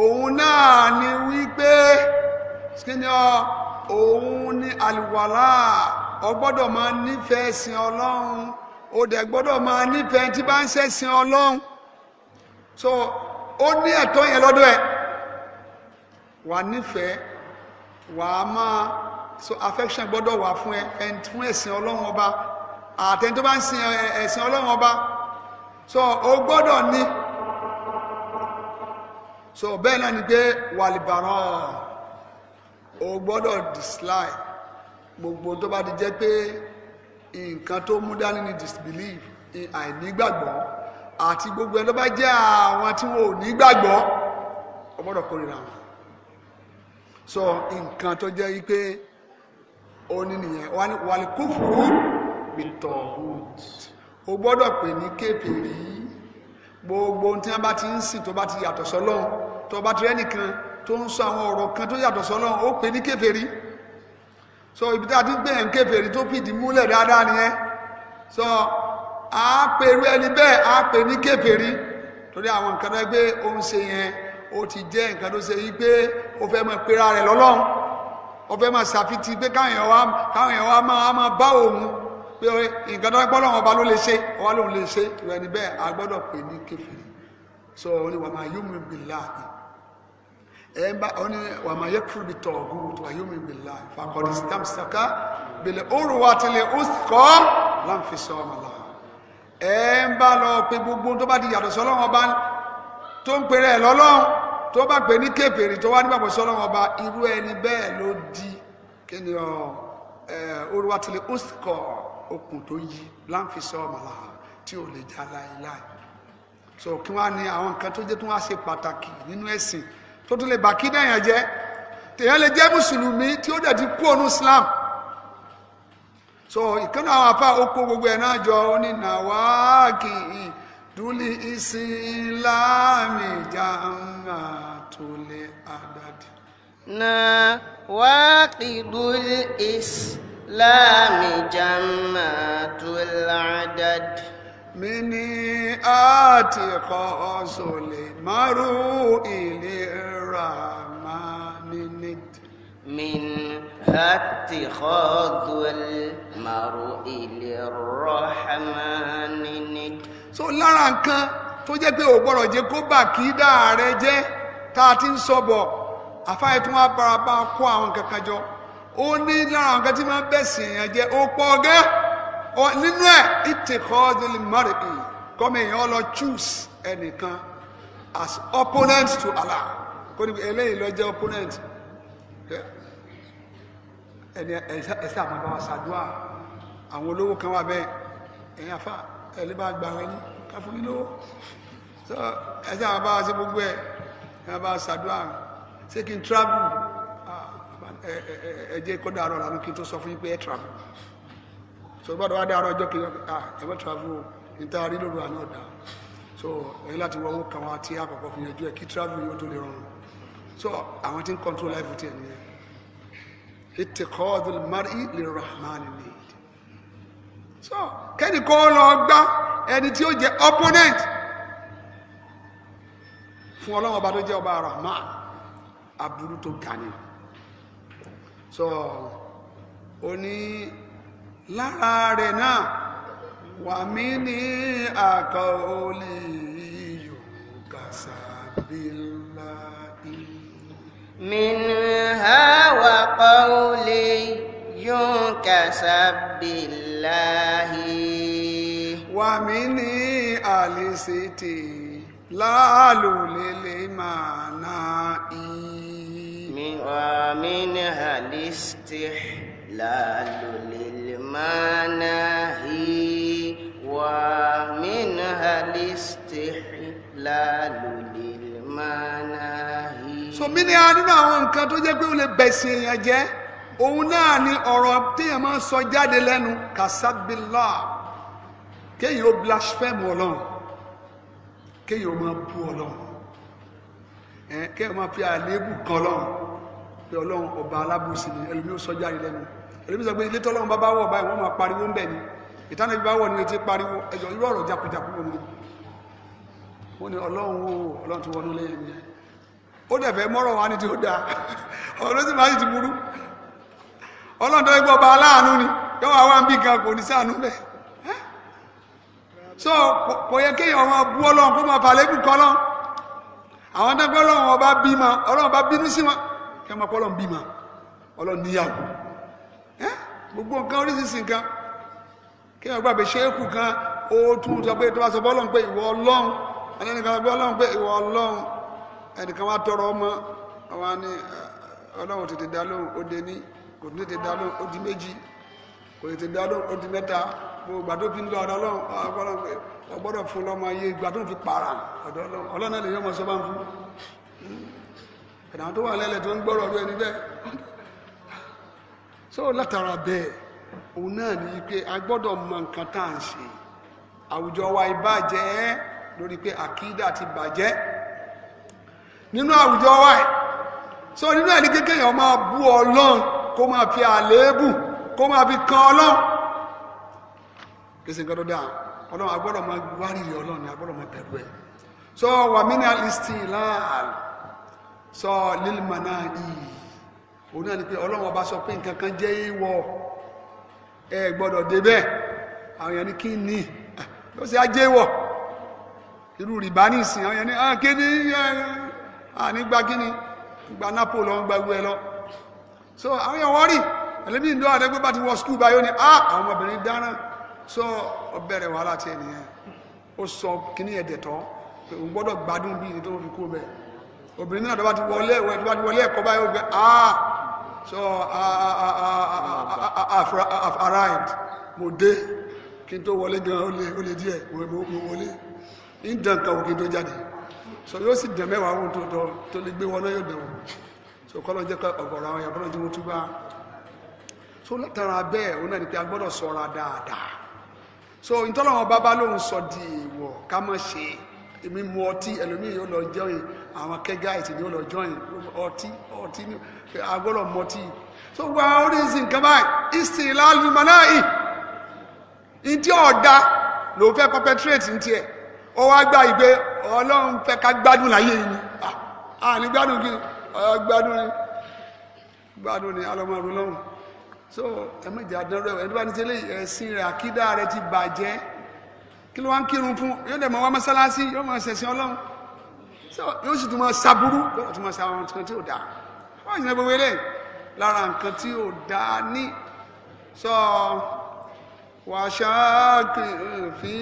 òun náà ni wípé kíni ọ òun ni àlùwàlà ọ gbọ́dọ̀ máa nífẹ̀ẹ́ sin ọlọ́run ó gbọ́dọ̀ máa nífẹ̀ẹ́ tí bá ń ṣẹ̀sìn ọlọ́run so ó ní ẹ̀tọ́ yẹn lọ́dọ̀ ẹ̀ wà nífẹ̀ẹ́ wà á máa so affection gbọ́dọ̀ wà fún ẹ ẹn fún ẹ̀sìn ọlọ́run ọba àtẹni tó bá ń sin ẹ̀sìn ọlọ́run ọba so ó gbọ́dọ̀ ní so bẹ́ẹ̀ náà ni pé wàlìbàrán o gbọ́dọ̀ dislike gbogbo tó bá ti jẹ́ pé nǹkan tó mú dání ni disbelief àìnígbàgbọ́ àti gbogbo ẹ̀ ló bá jẹ́ àwọn tí wọn ò nígbàgbọ́ o gbọ́dọ̀ kórìíra wọn so nǹkan tó jẹ́ wípé òní nìyẹn wàlìkúfùrú bìtọ̀hùt o gbọ́dọ̀ pè ní kèfèrí gbogbo ohun tí wọ́n bá ti ń sìn tó bá ti yàtọ̀ sọ́lọ́hún tó bá ti rẹ́ nìkan tó ń sọ àwọn ọ̀rọ̀ kan tó yàtọ̀ sọ́lọ́ ó pè ní kèfèrí so ibi tá a ti gbé yẹn kèfèrí tó fìdí múlẹ̀ dáadáa nìyẹn so a pè irú ẹni bẹ́ẹ̀ a pè ní kèfèrí torí àwọn nǹkan tó gbé ó ń ṣe yẹn ó ti jẹ́ nǹkan tó ṣe yí pé ó fẹ́ mọ pera rẹ̀ lọ́lọ́run ó fẹ́ mọ ṣàfitì pé káwọn èèyàn wa máa bá òun pé nǹkan tó gbọ́ lọ́wọ́ ọba ló lè ṣe ọba lòun lè ṣe ìrọ̀ bẹ́ẹ̀ a gbọ́dọ̀ pè ní kèfèrí so oníwàmà yóò mú mi láàyè ẹnba ọni wàmà yẹ kúrò bi tọ̀gùt wà yóò mi bi la fàkọ̀dì sàmsàkà bẹ̀lẹ̀ òru wa tilẹ̀ ó kọ́ láǹfi sọ́ọ̀mù la ẹnba lọ pé gbogbo tó bá di yàtọ̀ sọ́lọ́wọ́ ọba tó ń pèrè ẹ̀ lọ́lọ́run tó bá pè ní kébèrè tó wá nígbàgbọ́ sọ́lọ́wọ́ ọba irú ẹni bẹ́ẹ̀ ló di kíni ọ ẹ òru wa tilẹ̀ ó kọ́ okùn tó yí láǹfi sọ́ọ̀mù la tí ò lè já láéláé so kí wọ́n á àwọn nǹkan tó jẹ́ tó wá ṣe pàtàkì nínú ẹ̀sìn tó tún lè bà kí dẹ̀yàn jẹ́ tèèyàn lè jẹ́ mùsùlùmí tí ó dẹ̀ kú ònú Islam so ìkànnì àwọn apá oko gbogbo ẹ̀ náà jọ ó ní nàwáàkì ìdúlì ìsìláàmì jàmà tó lè àdàdì. nàwáàkì ìdúlì ìsìláàmì jàmà tó lè àdàdì mini ati kọsọle maru ili ramani nid. min ati kọsọle maru ili ramani nid. so lára nǹkan tó jẹ́ pé ò gbọ́dọ̀ jẹ́ kó bà kí dáa rẹ jẹ́ tá a ti ń sọ bọ̀ àfáàyè tí wọ́n bára bá kó àwọn kankan jọ ó ní lára nǹkan tí wọ́n bẹ̀sìn yẹn jẹ́ ó pọ̀ gẹ́ nínú ẹ̀ ìtẹ̀kọ́dúnlẹ̀ mọ́rìkì kọ́mi èèyàn lọ choose ẹnìkan as opponent to Allah kó níbi eléyìí lọ jẹ́ opponent ẹni ẹsẹ àmàbà wa ṣàdúrà àwọn olówó kan wà bẹ́ẹ̀ ẹ̀yin afa ẹni bá gba àwọn ẹni ká fún yín lówó ẹsẹ àmàbà wa ṣe gbogbo ẹ ẹni àmàbà wa ṣàdúrà ṣé kí n travel ah, ẹ jẹ́ kó dàrọ lànà kí n tó sọ fún yín pé ẹ travel so gbọ́dọ̀ wá dáhàrọ̀ ọjọ́ kejì ọ̀pẹ́ ah ẹ̀mọ́ travel níta rí lóru àná ọ̀dà so ẹ̀yìn láti wọ́n kàn wá tí àkọ́kọ́ fi yanjú ẹ̀ kí travel yóò tó lè rọrùn so àwọn tí ń control life tiẹ̀ nìyẹn ìtẹ̀kọ́ọ̀dù mari lè rahmani ni so kẹ́ni kó lọ gbá ẹni tí ó jẹ́ opponent fún ọlọ́wọ́n ọba tó jẹ́ ọba rahman aburú tó ga ni so oní lára rẹ̀ náà wà mí ní àkọọ́lì yòókà sàbílá من ها وقولي ينكسب بالله ومن ألستي لالو للمعنى ومن الاستحلال الإدلال للمناهي ومنها الاستحلال للمناهي so mí ni a nínú àwọn nǹkan tó jẹ́ pé ó lè bẹ̀sìn èèyàn jẹ́ òun náà ni ọ̀rọ̀ téèyàn máa ń sọ jáde lẹ́nu kàṣábìlá kéèyàn ó blasphème ọlọ́run kéèyàn ó máa bú ọlọ́run kéèyàn máa fi àléébù kan ọlọ́run pé ọlọ́run ọba alábùsí ni ẹlòmíín ó sọ jáde lẹ́nu ẹlẹ́mi ilé tọ́lọ́run bá bá wọ̀ báyìí wọ́n máa pariwo ń bẹ̀ ni ìtànà bá wọ̀ ní etí pariwo ẹ̀yọ̀ irú ọ̀rọ̀ jakujaku ní ọlọ́run wo ọlọ́run ọba bí gan so kò yẹ kéèyàn máa bú ọlọ́run kó máa falẹ́ bùkọ́ ọlọ́run àwọn dágbọ́ ọlọ́run ọba bímọ ọlọ́run ọba bínú sí wọn kẹ́ máa pọ́ ọlọ́run ọlọ́run níyàwó gbogbo nǹkan oríṣiríṣi nǹkan kí wọ́n gbàgbé ṣéèkù kan ó tún sọ pé tó bá sọ bọ́lọ́n pé ìwọ ọlọ́run ẹnìkan sọ bọ́lọ́n pé ìwọ ọlọ́run ẹnìkan wá tọrọ ọmọ wa ní ọlọ́run tètè dá lóhùn ó dé ní kò tètè dá lóhùn ó di méjì kò tètè dá lóhùn ó di mẹ́ta gbogbo gbàdó fi ń lọ ọ̀dọ̀ ọlọ́run ọgbọ́dọ̀ pé ọgbọ́dọ̀ fún lọ́mọ ayé gbàdó fi pààrà ọ̀dọ̀ ọlọ́run ọlọ́run náà lè yọmọ sọ bá ń fún ẹ̀dá tó wà lẹ́lẹ̀ tó ń gbọ́rọ̀ ọdún ẹni bẹ́ẹ̀ so látara bẹ́ẹ̀ òun náà ní pé a gbọ́dọ̀ mọ nǹkan tá à ń ṣe àwùjọ wa ìbàjẹ́ lórí pé àkídà ti bàjẹ́ nínú àwùjọ wa so nínú ẹni kékeré yẹn máa bú ọlọ́run kó máa fi àléébù kó máa fi kan ọlọ́run kìí ṣe nǹkan tó dáa ọlọ́run agbọ́dọ̀ máa wárìrì ọlọ́run ni agbọ́dọ̀ máa bẹ̀rù ẹ̀ so wàmínà istilal so lílmánà yìí òun náà ni pé ọlọ́run ọba sọ pé nǹkan kan jẹ́ ìwọ ẹ gbọ́dọ̀ débẹ̀ àwọn èèyàn ní kí ni ló ṣe ajé ìwọ irú rìbá ní ìsìn àwọn èèyàn ní ah kí ni àní gba kí ni gba napo lọ ń gba ewu ẹ lọ so àwọn èèyàn wọ́rì ẹlẹ́mìí ìlú àdẹ́gbẹ́ bá ti wọ skul báyọ̀ ni ah àwọn ọmọbìnrin dáná so ọbẹ̀rẹ̀ wàhálà tiẹ̀ nìyẹn ó sọ kíní ẹ̀dẹ̀ tọ́ òun gbọ́dọ̀ gbádùn bíi ní tó fi kú bẹ́ẹ̀ obìnrin náà tó bá ti wọlé ẹ̀kọ́ báyọ̀ gbẹ ah so i've arrived mo dé kí n tó wọlé gan ó lè ó lè díẹ̀ mo wọlé ń dàn kan òkè tó jáde so yóò sì dàn mẹ́wàá ohun tó tọ́ tó lè gbé wọn yóò dàn so kọ́lọ́ jẹ́ ọ̀gọ̀rọ̀ àwọn èèyàn kọ́lọ́ jẹ́ wọn bá so látara bẹ́ẹ̀ òun náà ni pé a gbọ́dọ̀ sọ̀ra dáadáa so ìtọ́lọ́wọ́n bábá lòun sọ di èèwọ̀ ká mọ̀ ṣe èmi mu ọtí ẹlòmíì yóò lọ jọyìn àwọn kẹgáìtì ni yóò lọ jọyìn ọtí ọtí ni agbọ́dọ̀ mọtí tó gba oríṣi nǹkan báyìí ìsìn ìlàlù manáì ìdí ọ̀dà ló fẹ́ perpetrate ní tiẹ̀ ó wá gba ìgbé ọlọ́run fẹ́ ká gbádùn láyé yìí ni à ah, ní gbádùn kí gbádùn ni gbádùn ni alọ́mọ̀rún lọ́run so ẹ̀mí ìjà dán rẹ̀ ẹ̀dí bá ní tẹ́lẹ̀ ẹ̀sìn rẹ̀ àkídá rẹ̀ ti bàjẹ́ kí ló wá ń kírun fún yóò dẹ̀ mọ́ wá mọ́sálásí yóò mọ́ ṣẹ̀sìn ọlọ́run yóò sì tún mọ́ saburú yóò tún mọ́ sa tí ó dáa ó sì ní gbogbo eré lára nǹkan tí ò dá ní sọ wàṣáàkì fi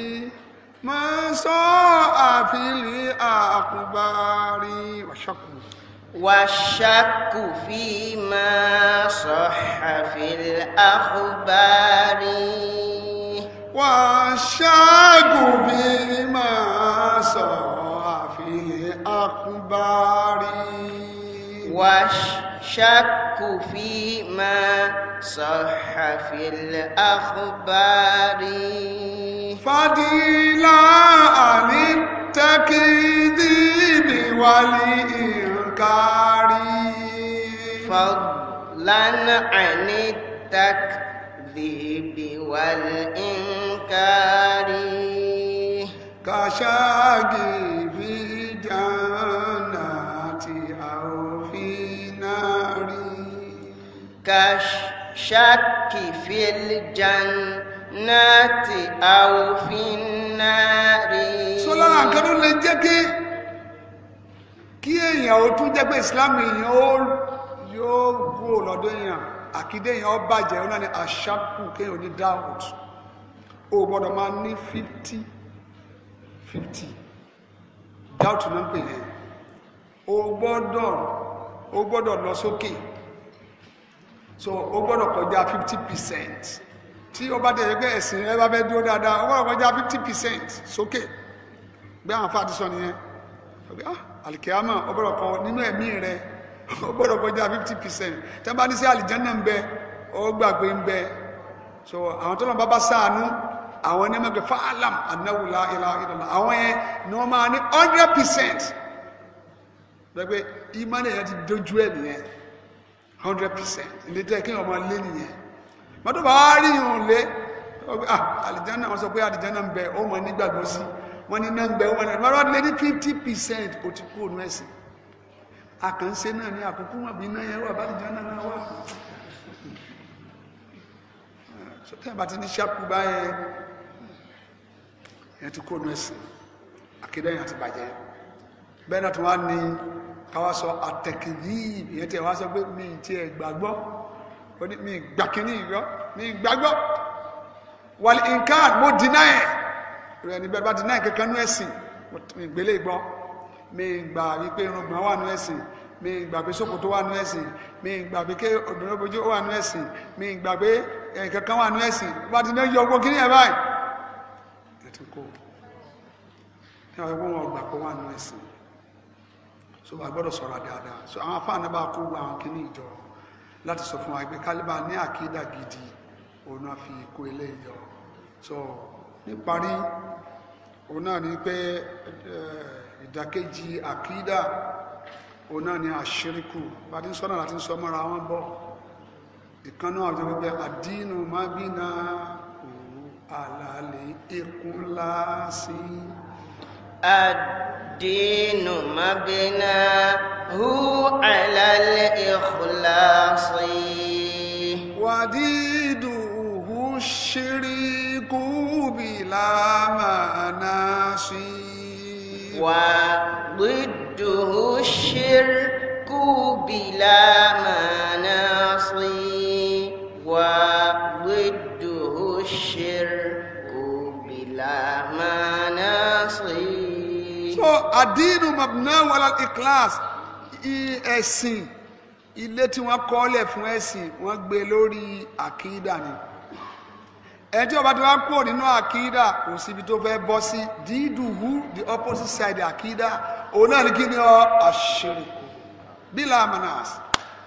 máa sọ àfihàn àkùbárí wàṣáàkì. والشك فيما صح في الأخبار والشك فيما صح في الأخبار وشك فيما صح في الأخبار فضيلة عن التكذيب والإنكار فضلا عن التكذيب والإنكار كشاكي في جنب كالشك في الجنة أو في النار sọ lára nǹkan tó lè jẹ́ kí kí èèyàn ó tún jẹ́ pé islam èèyàn ó yóò kúrò lọ́dọ̀ èèyàn àkídé èèyàn ó bàjẹ́ ó náà ni àṣàkù kéèyàn ní dáhùn ó gbọ́dọ̀ máa ní fifty fifty lọ sókè so ó gbọ́dọ̀ kọjá fifty percent tí ó bá tẹ̀lé pé ẹ̀sìn rẹ bá fẹ́ dúró dáadáa ó gbọ́dọ̀ kọjá fifty percent sókè bí àwọn afáàtì sọ nìyẹn ọgbẹ́ ah, àlìkèámà ó gbọ́dọ̀ kọ nínú ẹ̀mí rẹ ó gbọ́dọ̀ kọjá fifty percent tẹ́ bá ní sí àlìjánná ń bẹ ó gbàgbé ń bẹ so àwọn tó lọ bá bá sáànú àwọn ẹni mẹ́gbẹ́ fáàlàm anáwùlá ìlà ìlàlá àwọn yẹn ni wọ́n máa ní hundred percent lẹ́gbẹ́ ìmọ̀ nìyẹn ti dojú ẹ̀ nìyẹn hundred percent ilé tẹ́ kí ọmọ lé nìyẹn mọ́tò bá rí ìhùn lé ah, àlìjánà wọ́n sọ pé àlìjánà ń bẹ ó mọ̀ nígbàgbọ́ sí wọ́n ní náà ń bẹ ó mọ̀ nígbàgbọ́ wọ́n lé ní fifty percent ó ti kú òun ẹ̀sìn àkànṣe náà ní àkókò wọn bí náà yẹn wà bá àlìjánà náà wà sọtẹ́ bá ti ní ṣàkú báyẹn yẹn ti kú òun ẹ̀sìn àkédéyìn àti bàjẹ́ bẹ́ẹ̀ náà tó wá ní káwá sọ àtẹ̀kìdíìbì yẹn tí ẹ wá sọ pé mi ti ẹ̀ gbàgbọ́ mi gbàkíní ìyọ́ mi gbàgbọ́ wàlí nǹkan mo dínà ẹ̀ rẹ̀ níbẹ̀ bá dínà ẹ̀ kankan nú ẹ̀sìn mi gbélé gbọ́ mi gbà wípé irùngbọ̀n wà nú ẹ̀sìn mi gbà pé ṣòkòtò wà nú ẹ̀sìn mi gbà pé ké obìnrin bojú wà nú ẹ̀sìn mi gbà pé kankan wà nú ẹ̀sìn bá dínà yọ ọgbọ́n kíní ẹ̀ báyìí so a gbọ́dọ̀ sọ̀rọ̀ dáadáa so àwọn afá náà bá kó gba àwọn kíní ìjọ láti sọ fún wa pé ní àkídà gidi òun náà fi kó ilé ìjọ so níparí òun náà ni pé eh, ìdàkejì àkídà òun náà ni àṣíríkù bàtí sọ́nà láti sọ mọ́ra wọn bọ́ ìkànnà ọjọ́ pípẹ́ àdínú máa bí na òun àlàálẹ̀ ikú ńlá الدين مبناه على الإخلاص وديده الشريك بلا مناصي وضده الشرك بلا مناصي وضده الشرك بلا مناصي so àdínú mabnahu ala al-ikhlas ẹ̀sìn ilé tí wọ́n kọ́lẹ̀ fún ẹ̀sìn wọ́n gbé lórí àkídà ni ẹni tí wọ́n bá ti wá kúrò nínú àkídà kò síbi tó fẹ́ bọ́ sí dídùhù the opposite side àkídà òun náà ní kí ni ọ àṣírìkù bílà manas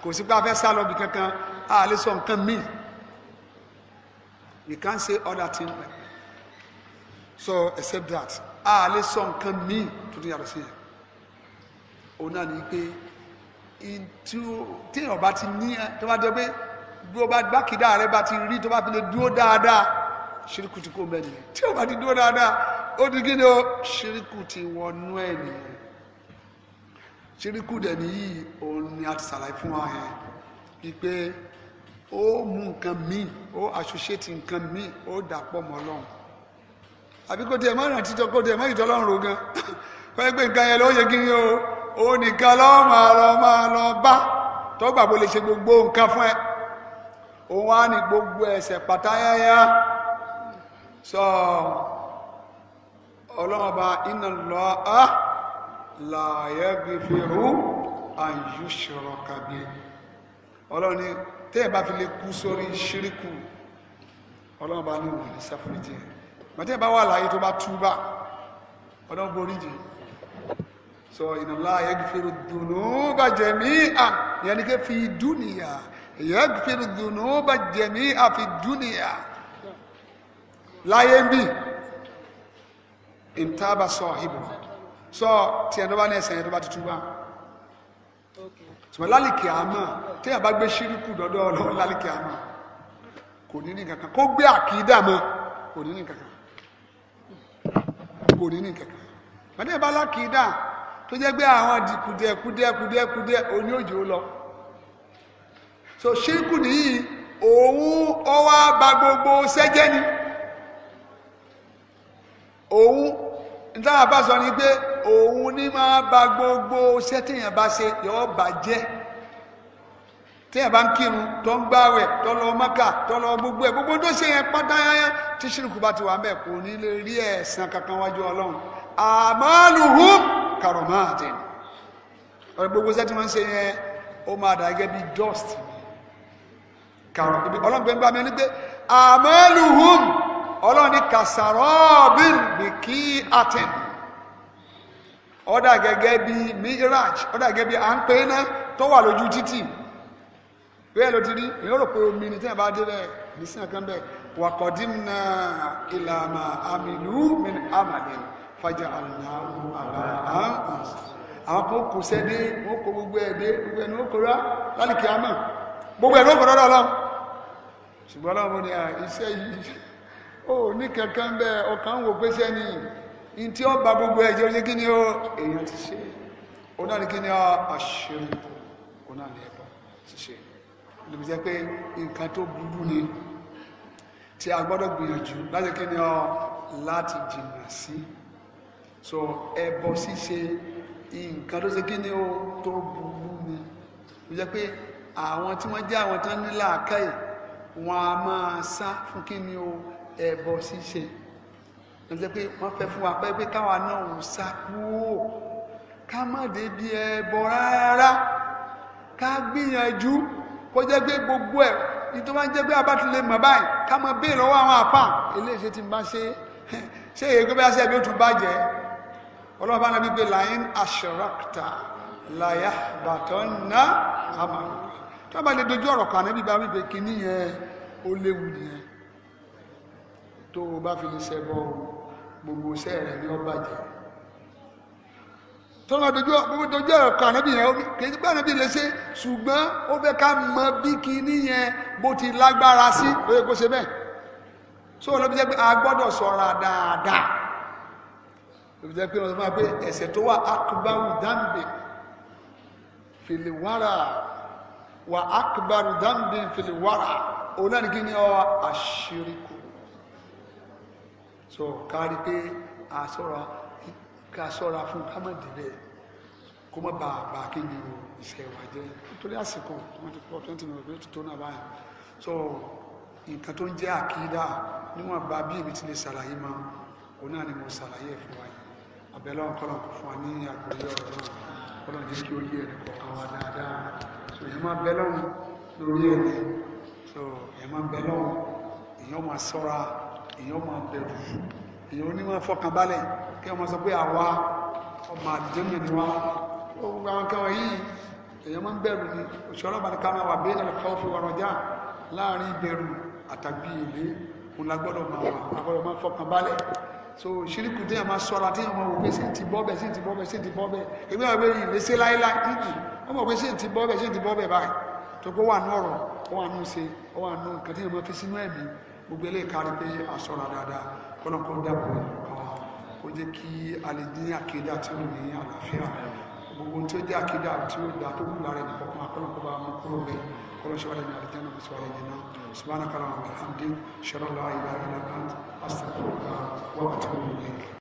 kò sí pé a fẹ́ sá lọ bí kankan a lè sọ nǹkan míì we can't say other things so except that a lè sọ nǹkan míì tó tún yàtọ̀ sí yẹn òun náà ni pé tí èèyàn bá ti ní tó bá jẹ pé bí o bá gbàkídà rẹ bá ti rí tó bá fi lè dúró dáadáa ṣíríkù ti kó mẹ́rin yẹn tí o bá ti dúró dáadáa ó di kí o ṣíríkù ti wọnú ẹ̀ nìyẹn ṣíríkù dẹ̀ nìyí òun ni a ti ṣàlàyé fún wa yẹn wípé ó mú nǹkan míì ó associate nǹkan míì ó dàpọ̀ mọ́ Ọlọ́run àbí kó tiẹ̀ má ràn títọ́ kó tiẹ̀ má ìtọ́ lọ́rùn ro gan fẹ́ gbé nǹkan yẹn ló yẹ kí n yóò ó nìkan lọ́ máa lọ máa lọ bá tọ́gbà bó lè ṣe gbogbo nǹkan fún ẹ òun á ní gbogbo ẹsẹ̀ pátáyáyá sọ ọlọ́run ọba iná lọ á làyẹ bí fi hù àyù ṣọ̀rọ̀ kàbí ọlọ́run ní téèyàn bá fi lè kú sórí ṣíríkù ọlọ́run ọba ní òun ní sáfúrìtì yẹn mọ̀tí ẹ̀bá wà láyé tó bá túbà ọdún borí jì sọ ìnàlá yẹ́gìfèrè dùnú bá jẹ̀mí à yẹn ni ké fi dúnìyà yẹ́gìfèrè dùnú bá jẹ̀mí à fi dúnìyà láyé ń bì ìntàbà sọ ìbò sọ tí ẹ̀dọ́ bá ní ẹ̀sẹ̀ ẹ̀dọ́ bá ti túbà sọ lálìkì àmà tí ẹ̀bá gbé ṣíríkù dọ́dọ́ ọlọ́run lálìkì àmà kò ní ní kó gbé àkídà mọ́ kò ní ní kò ní ní kẹ̀kẹ́ pàdé ìbá lákìídà tó jẹ́ pé àwọn kùdíẹ̀ kùdíẹ̀ kùdíẹ̀ kùdíẹ̀ òní òjò lọ so ṣírkù nìyí òun ó wá ba gbogbo sẹ́jẹ́ ni òun nítorí àbá sọ ni pé òun ní máa ba gbogbo sẹ́tìyàn bá ṣe yọ̀ọ́ bàjẹ́ ẹ bá ń kírun tó ń gbáwẹ̀ tó lọ gbogbo gbogbo tó ṣe yẹn pátáyáyá tí ṣírùkù bá ti wà ń kò ní lè rí kankan wájú ọlọ́run àmàlùhù gbogbo sẹ́tí wọ́n ń ṣe yẹn ó máa dà bí dust pé àmàlùhù ní bí bí à ń pè é bẹ́ẹ̀ ló ti rí èyí rò pé omi ni tí wọ́n bá dé bẹ́ẹ̀ ní sí nǹkan bẹ́ẹ̀ wàkọ̀dínà ìlànà àmìlú mìíràn àmàlẹ́ fàjà àlùnáwó àlàáhàn àwọn kan kò sẹ́dé wọ́n kó gbogbo ó kóra gbogbo ẹ̀ ló ni iṣẹ́ yìí ó ní kankan bẹ́ẹ̀ ọkàn wò pé sẹ́ni ní tí ó ba gbogbo ẹ̀jẹ̀ ó ṣe kí ni ó èèyàn ti ṣe ó náà ní kí ni ó àṣírí ó náà ní ẹ̀bọ̀ ti ṣe lóbi jẹ́ pé nǹkan tó burú ni tí a gbọ́dọ̀ gbìyànjú láti kí ni ọ láti jìnnà sí so ẹbọ ṣíṣe nǹkan tó ṣe kí ni ó tó burú ni lóbi pé àwọn tí wọ́n jẹ́ àwọn tán ní làákàyè wọn a máa sá fún kí ni ó ẹbọ ṣíṣe lóbi jẹ́ pé wọ́n fẹ́ fún wa pé pé káwa náà ń sá kúrò ká má débi ẹbọ rárá ká gbìyànjú kó jẹ́ pé gbogbo ẹ̀ ìtọ́ máa ń jẹ́ pé abátúlẹ̀ mọ̀ báyìí ká mọ béèrè lọ́wọ́ àwọn àpá eléyìí ṣe ti máa ṣe ṣé èyí pé bí a ṣe ẹbí ó tún bàjẹ́ ọlọ́ọ̀bá náà wípé lain asharakta láyà bàtọ́ ná àmàlù tó bá lè dojú ọ̀rọ̀ kan níbi bá wípé kíní yẹn ó léwu nìyẹn tó o bá fi lè ṣẹbọ gbogbo iṣẹ́ rẹ̀ ní ó bàjẹ́ tó máa dojú gbogbo dojú ọ̀rọ̀ kan ànábì yẹn kìí gbọ́ ànábì lè ṣe ṣùgbọ́n ó fẹ́ ká mọ bí kinní yẹn bó ti lágbára sí ó yẹ kó ṣe bẹ́ẹ̀ so ló fi jẹ́ pé a gbọ́dọ̀ ṣọ́ra dáadáa ló fi jẹ́ pé wọ́n máa pé ẹ̀ṣẹ̀ tó wà akubaru dambe filiwara wà akubaru dambe filiwara òun náà ní kí ni ọ àṣírí kù so kárí pé àṣọra ká sọ́ra fún ká má débẹ̀ kó má bàa kí ni o iṣẹ́ wa jẹ́ nítorí àsìkò wọ́n ti pọ̀ twenty minutes ló ti náà báyìí so nǹkan tó ń jẹ́ àkídà níwọ̀n bá bí èmi ti lè ṣàlàyé mọ́ òun náà ni mo ṣàlàyé fún wa yìí àbẹ̀lẹ̀ ọ̀kọ́lọ̀ kò fún wa ní àgbáyé ọ̀rọ̀ náà ọ̀kọ́lọ̀ jẹ́ kí ó yé ẹ̀rẹ̀ kọ̀ọ̀kan wa dáadáa so èèyàn máa bẹ lọ́hùn lórí ẹ̀mí so èèyàn máa bẹ lọ́hùn èèyàn máa ṣọ́ra èèyàn máa bẹ̀rù èyí ò ní máa fọkàn balẹ̀ kí wọ́n sọ pé àwa ọmọ àdìjọ́nà ni wá ó gbogbo àwọn kẹwọn yìí èyàn máa ń bẹ̀rù ni òṣèré ọba ní ká máa wà bẹ́ẹ̀ ní ọ̀fẹ́ òfin wọ̀rọ̀já láàrin ìbẹ̀rù àtàgbì èlé òun la gbọ́dọ̀ máa wà àgbọ́dọ̀ máa fọkàn balẹ̀ so ṣíríkù téèyàn máa sọ́ra téèyàn máa wò pé sí ti bọ́ bẹ́ẹ̀ sí ti bọ́ bẹ́ẹ̀ sí ti bọ́ bẹ́ẹ̀ èmi àwọn èèyàn lè ṣe láéláé ìdì wọ́n mọ̀ pé sí ti bọ́ bẹ́ẹ̀ sí ti bọ́ bẹ́ẹ̀ báyìí tó kó wà ní ọ̀rọ̀ ó wà ní ṣe ó wà ní nǹkan téèyàn máa fi sínú ẹ̀mí gbogbo eléyìí kárí pé àsọ̀ra dáadáa kọ́lọ́kọ́ dàbò kó jẹ́ kí a lè ní àkídà tí ó ní àlàáfíà gbogbo tí ó jẹ́ àkídà tí ó dá tó kù lára ẹni kọ̀ọ̀kan akọ́lọ́kọ́ bá mú kúrò bẹ́ẹ̀ kọ́lọ́ṣẹ́ wà lẹ́nu àdìjẹ́ náà sọ́wọ́ lẹ́yìn náà subhanaka wa bihamdik shara la ilaha illa anta astaghfiruka wa atubu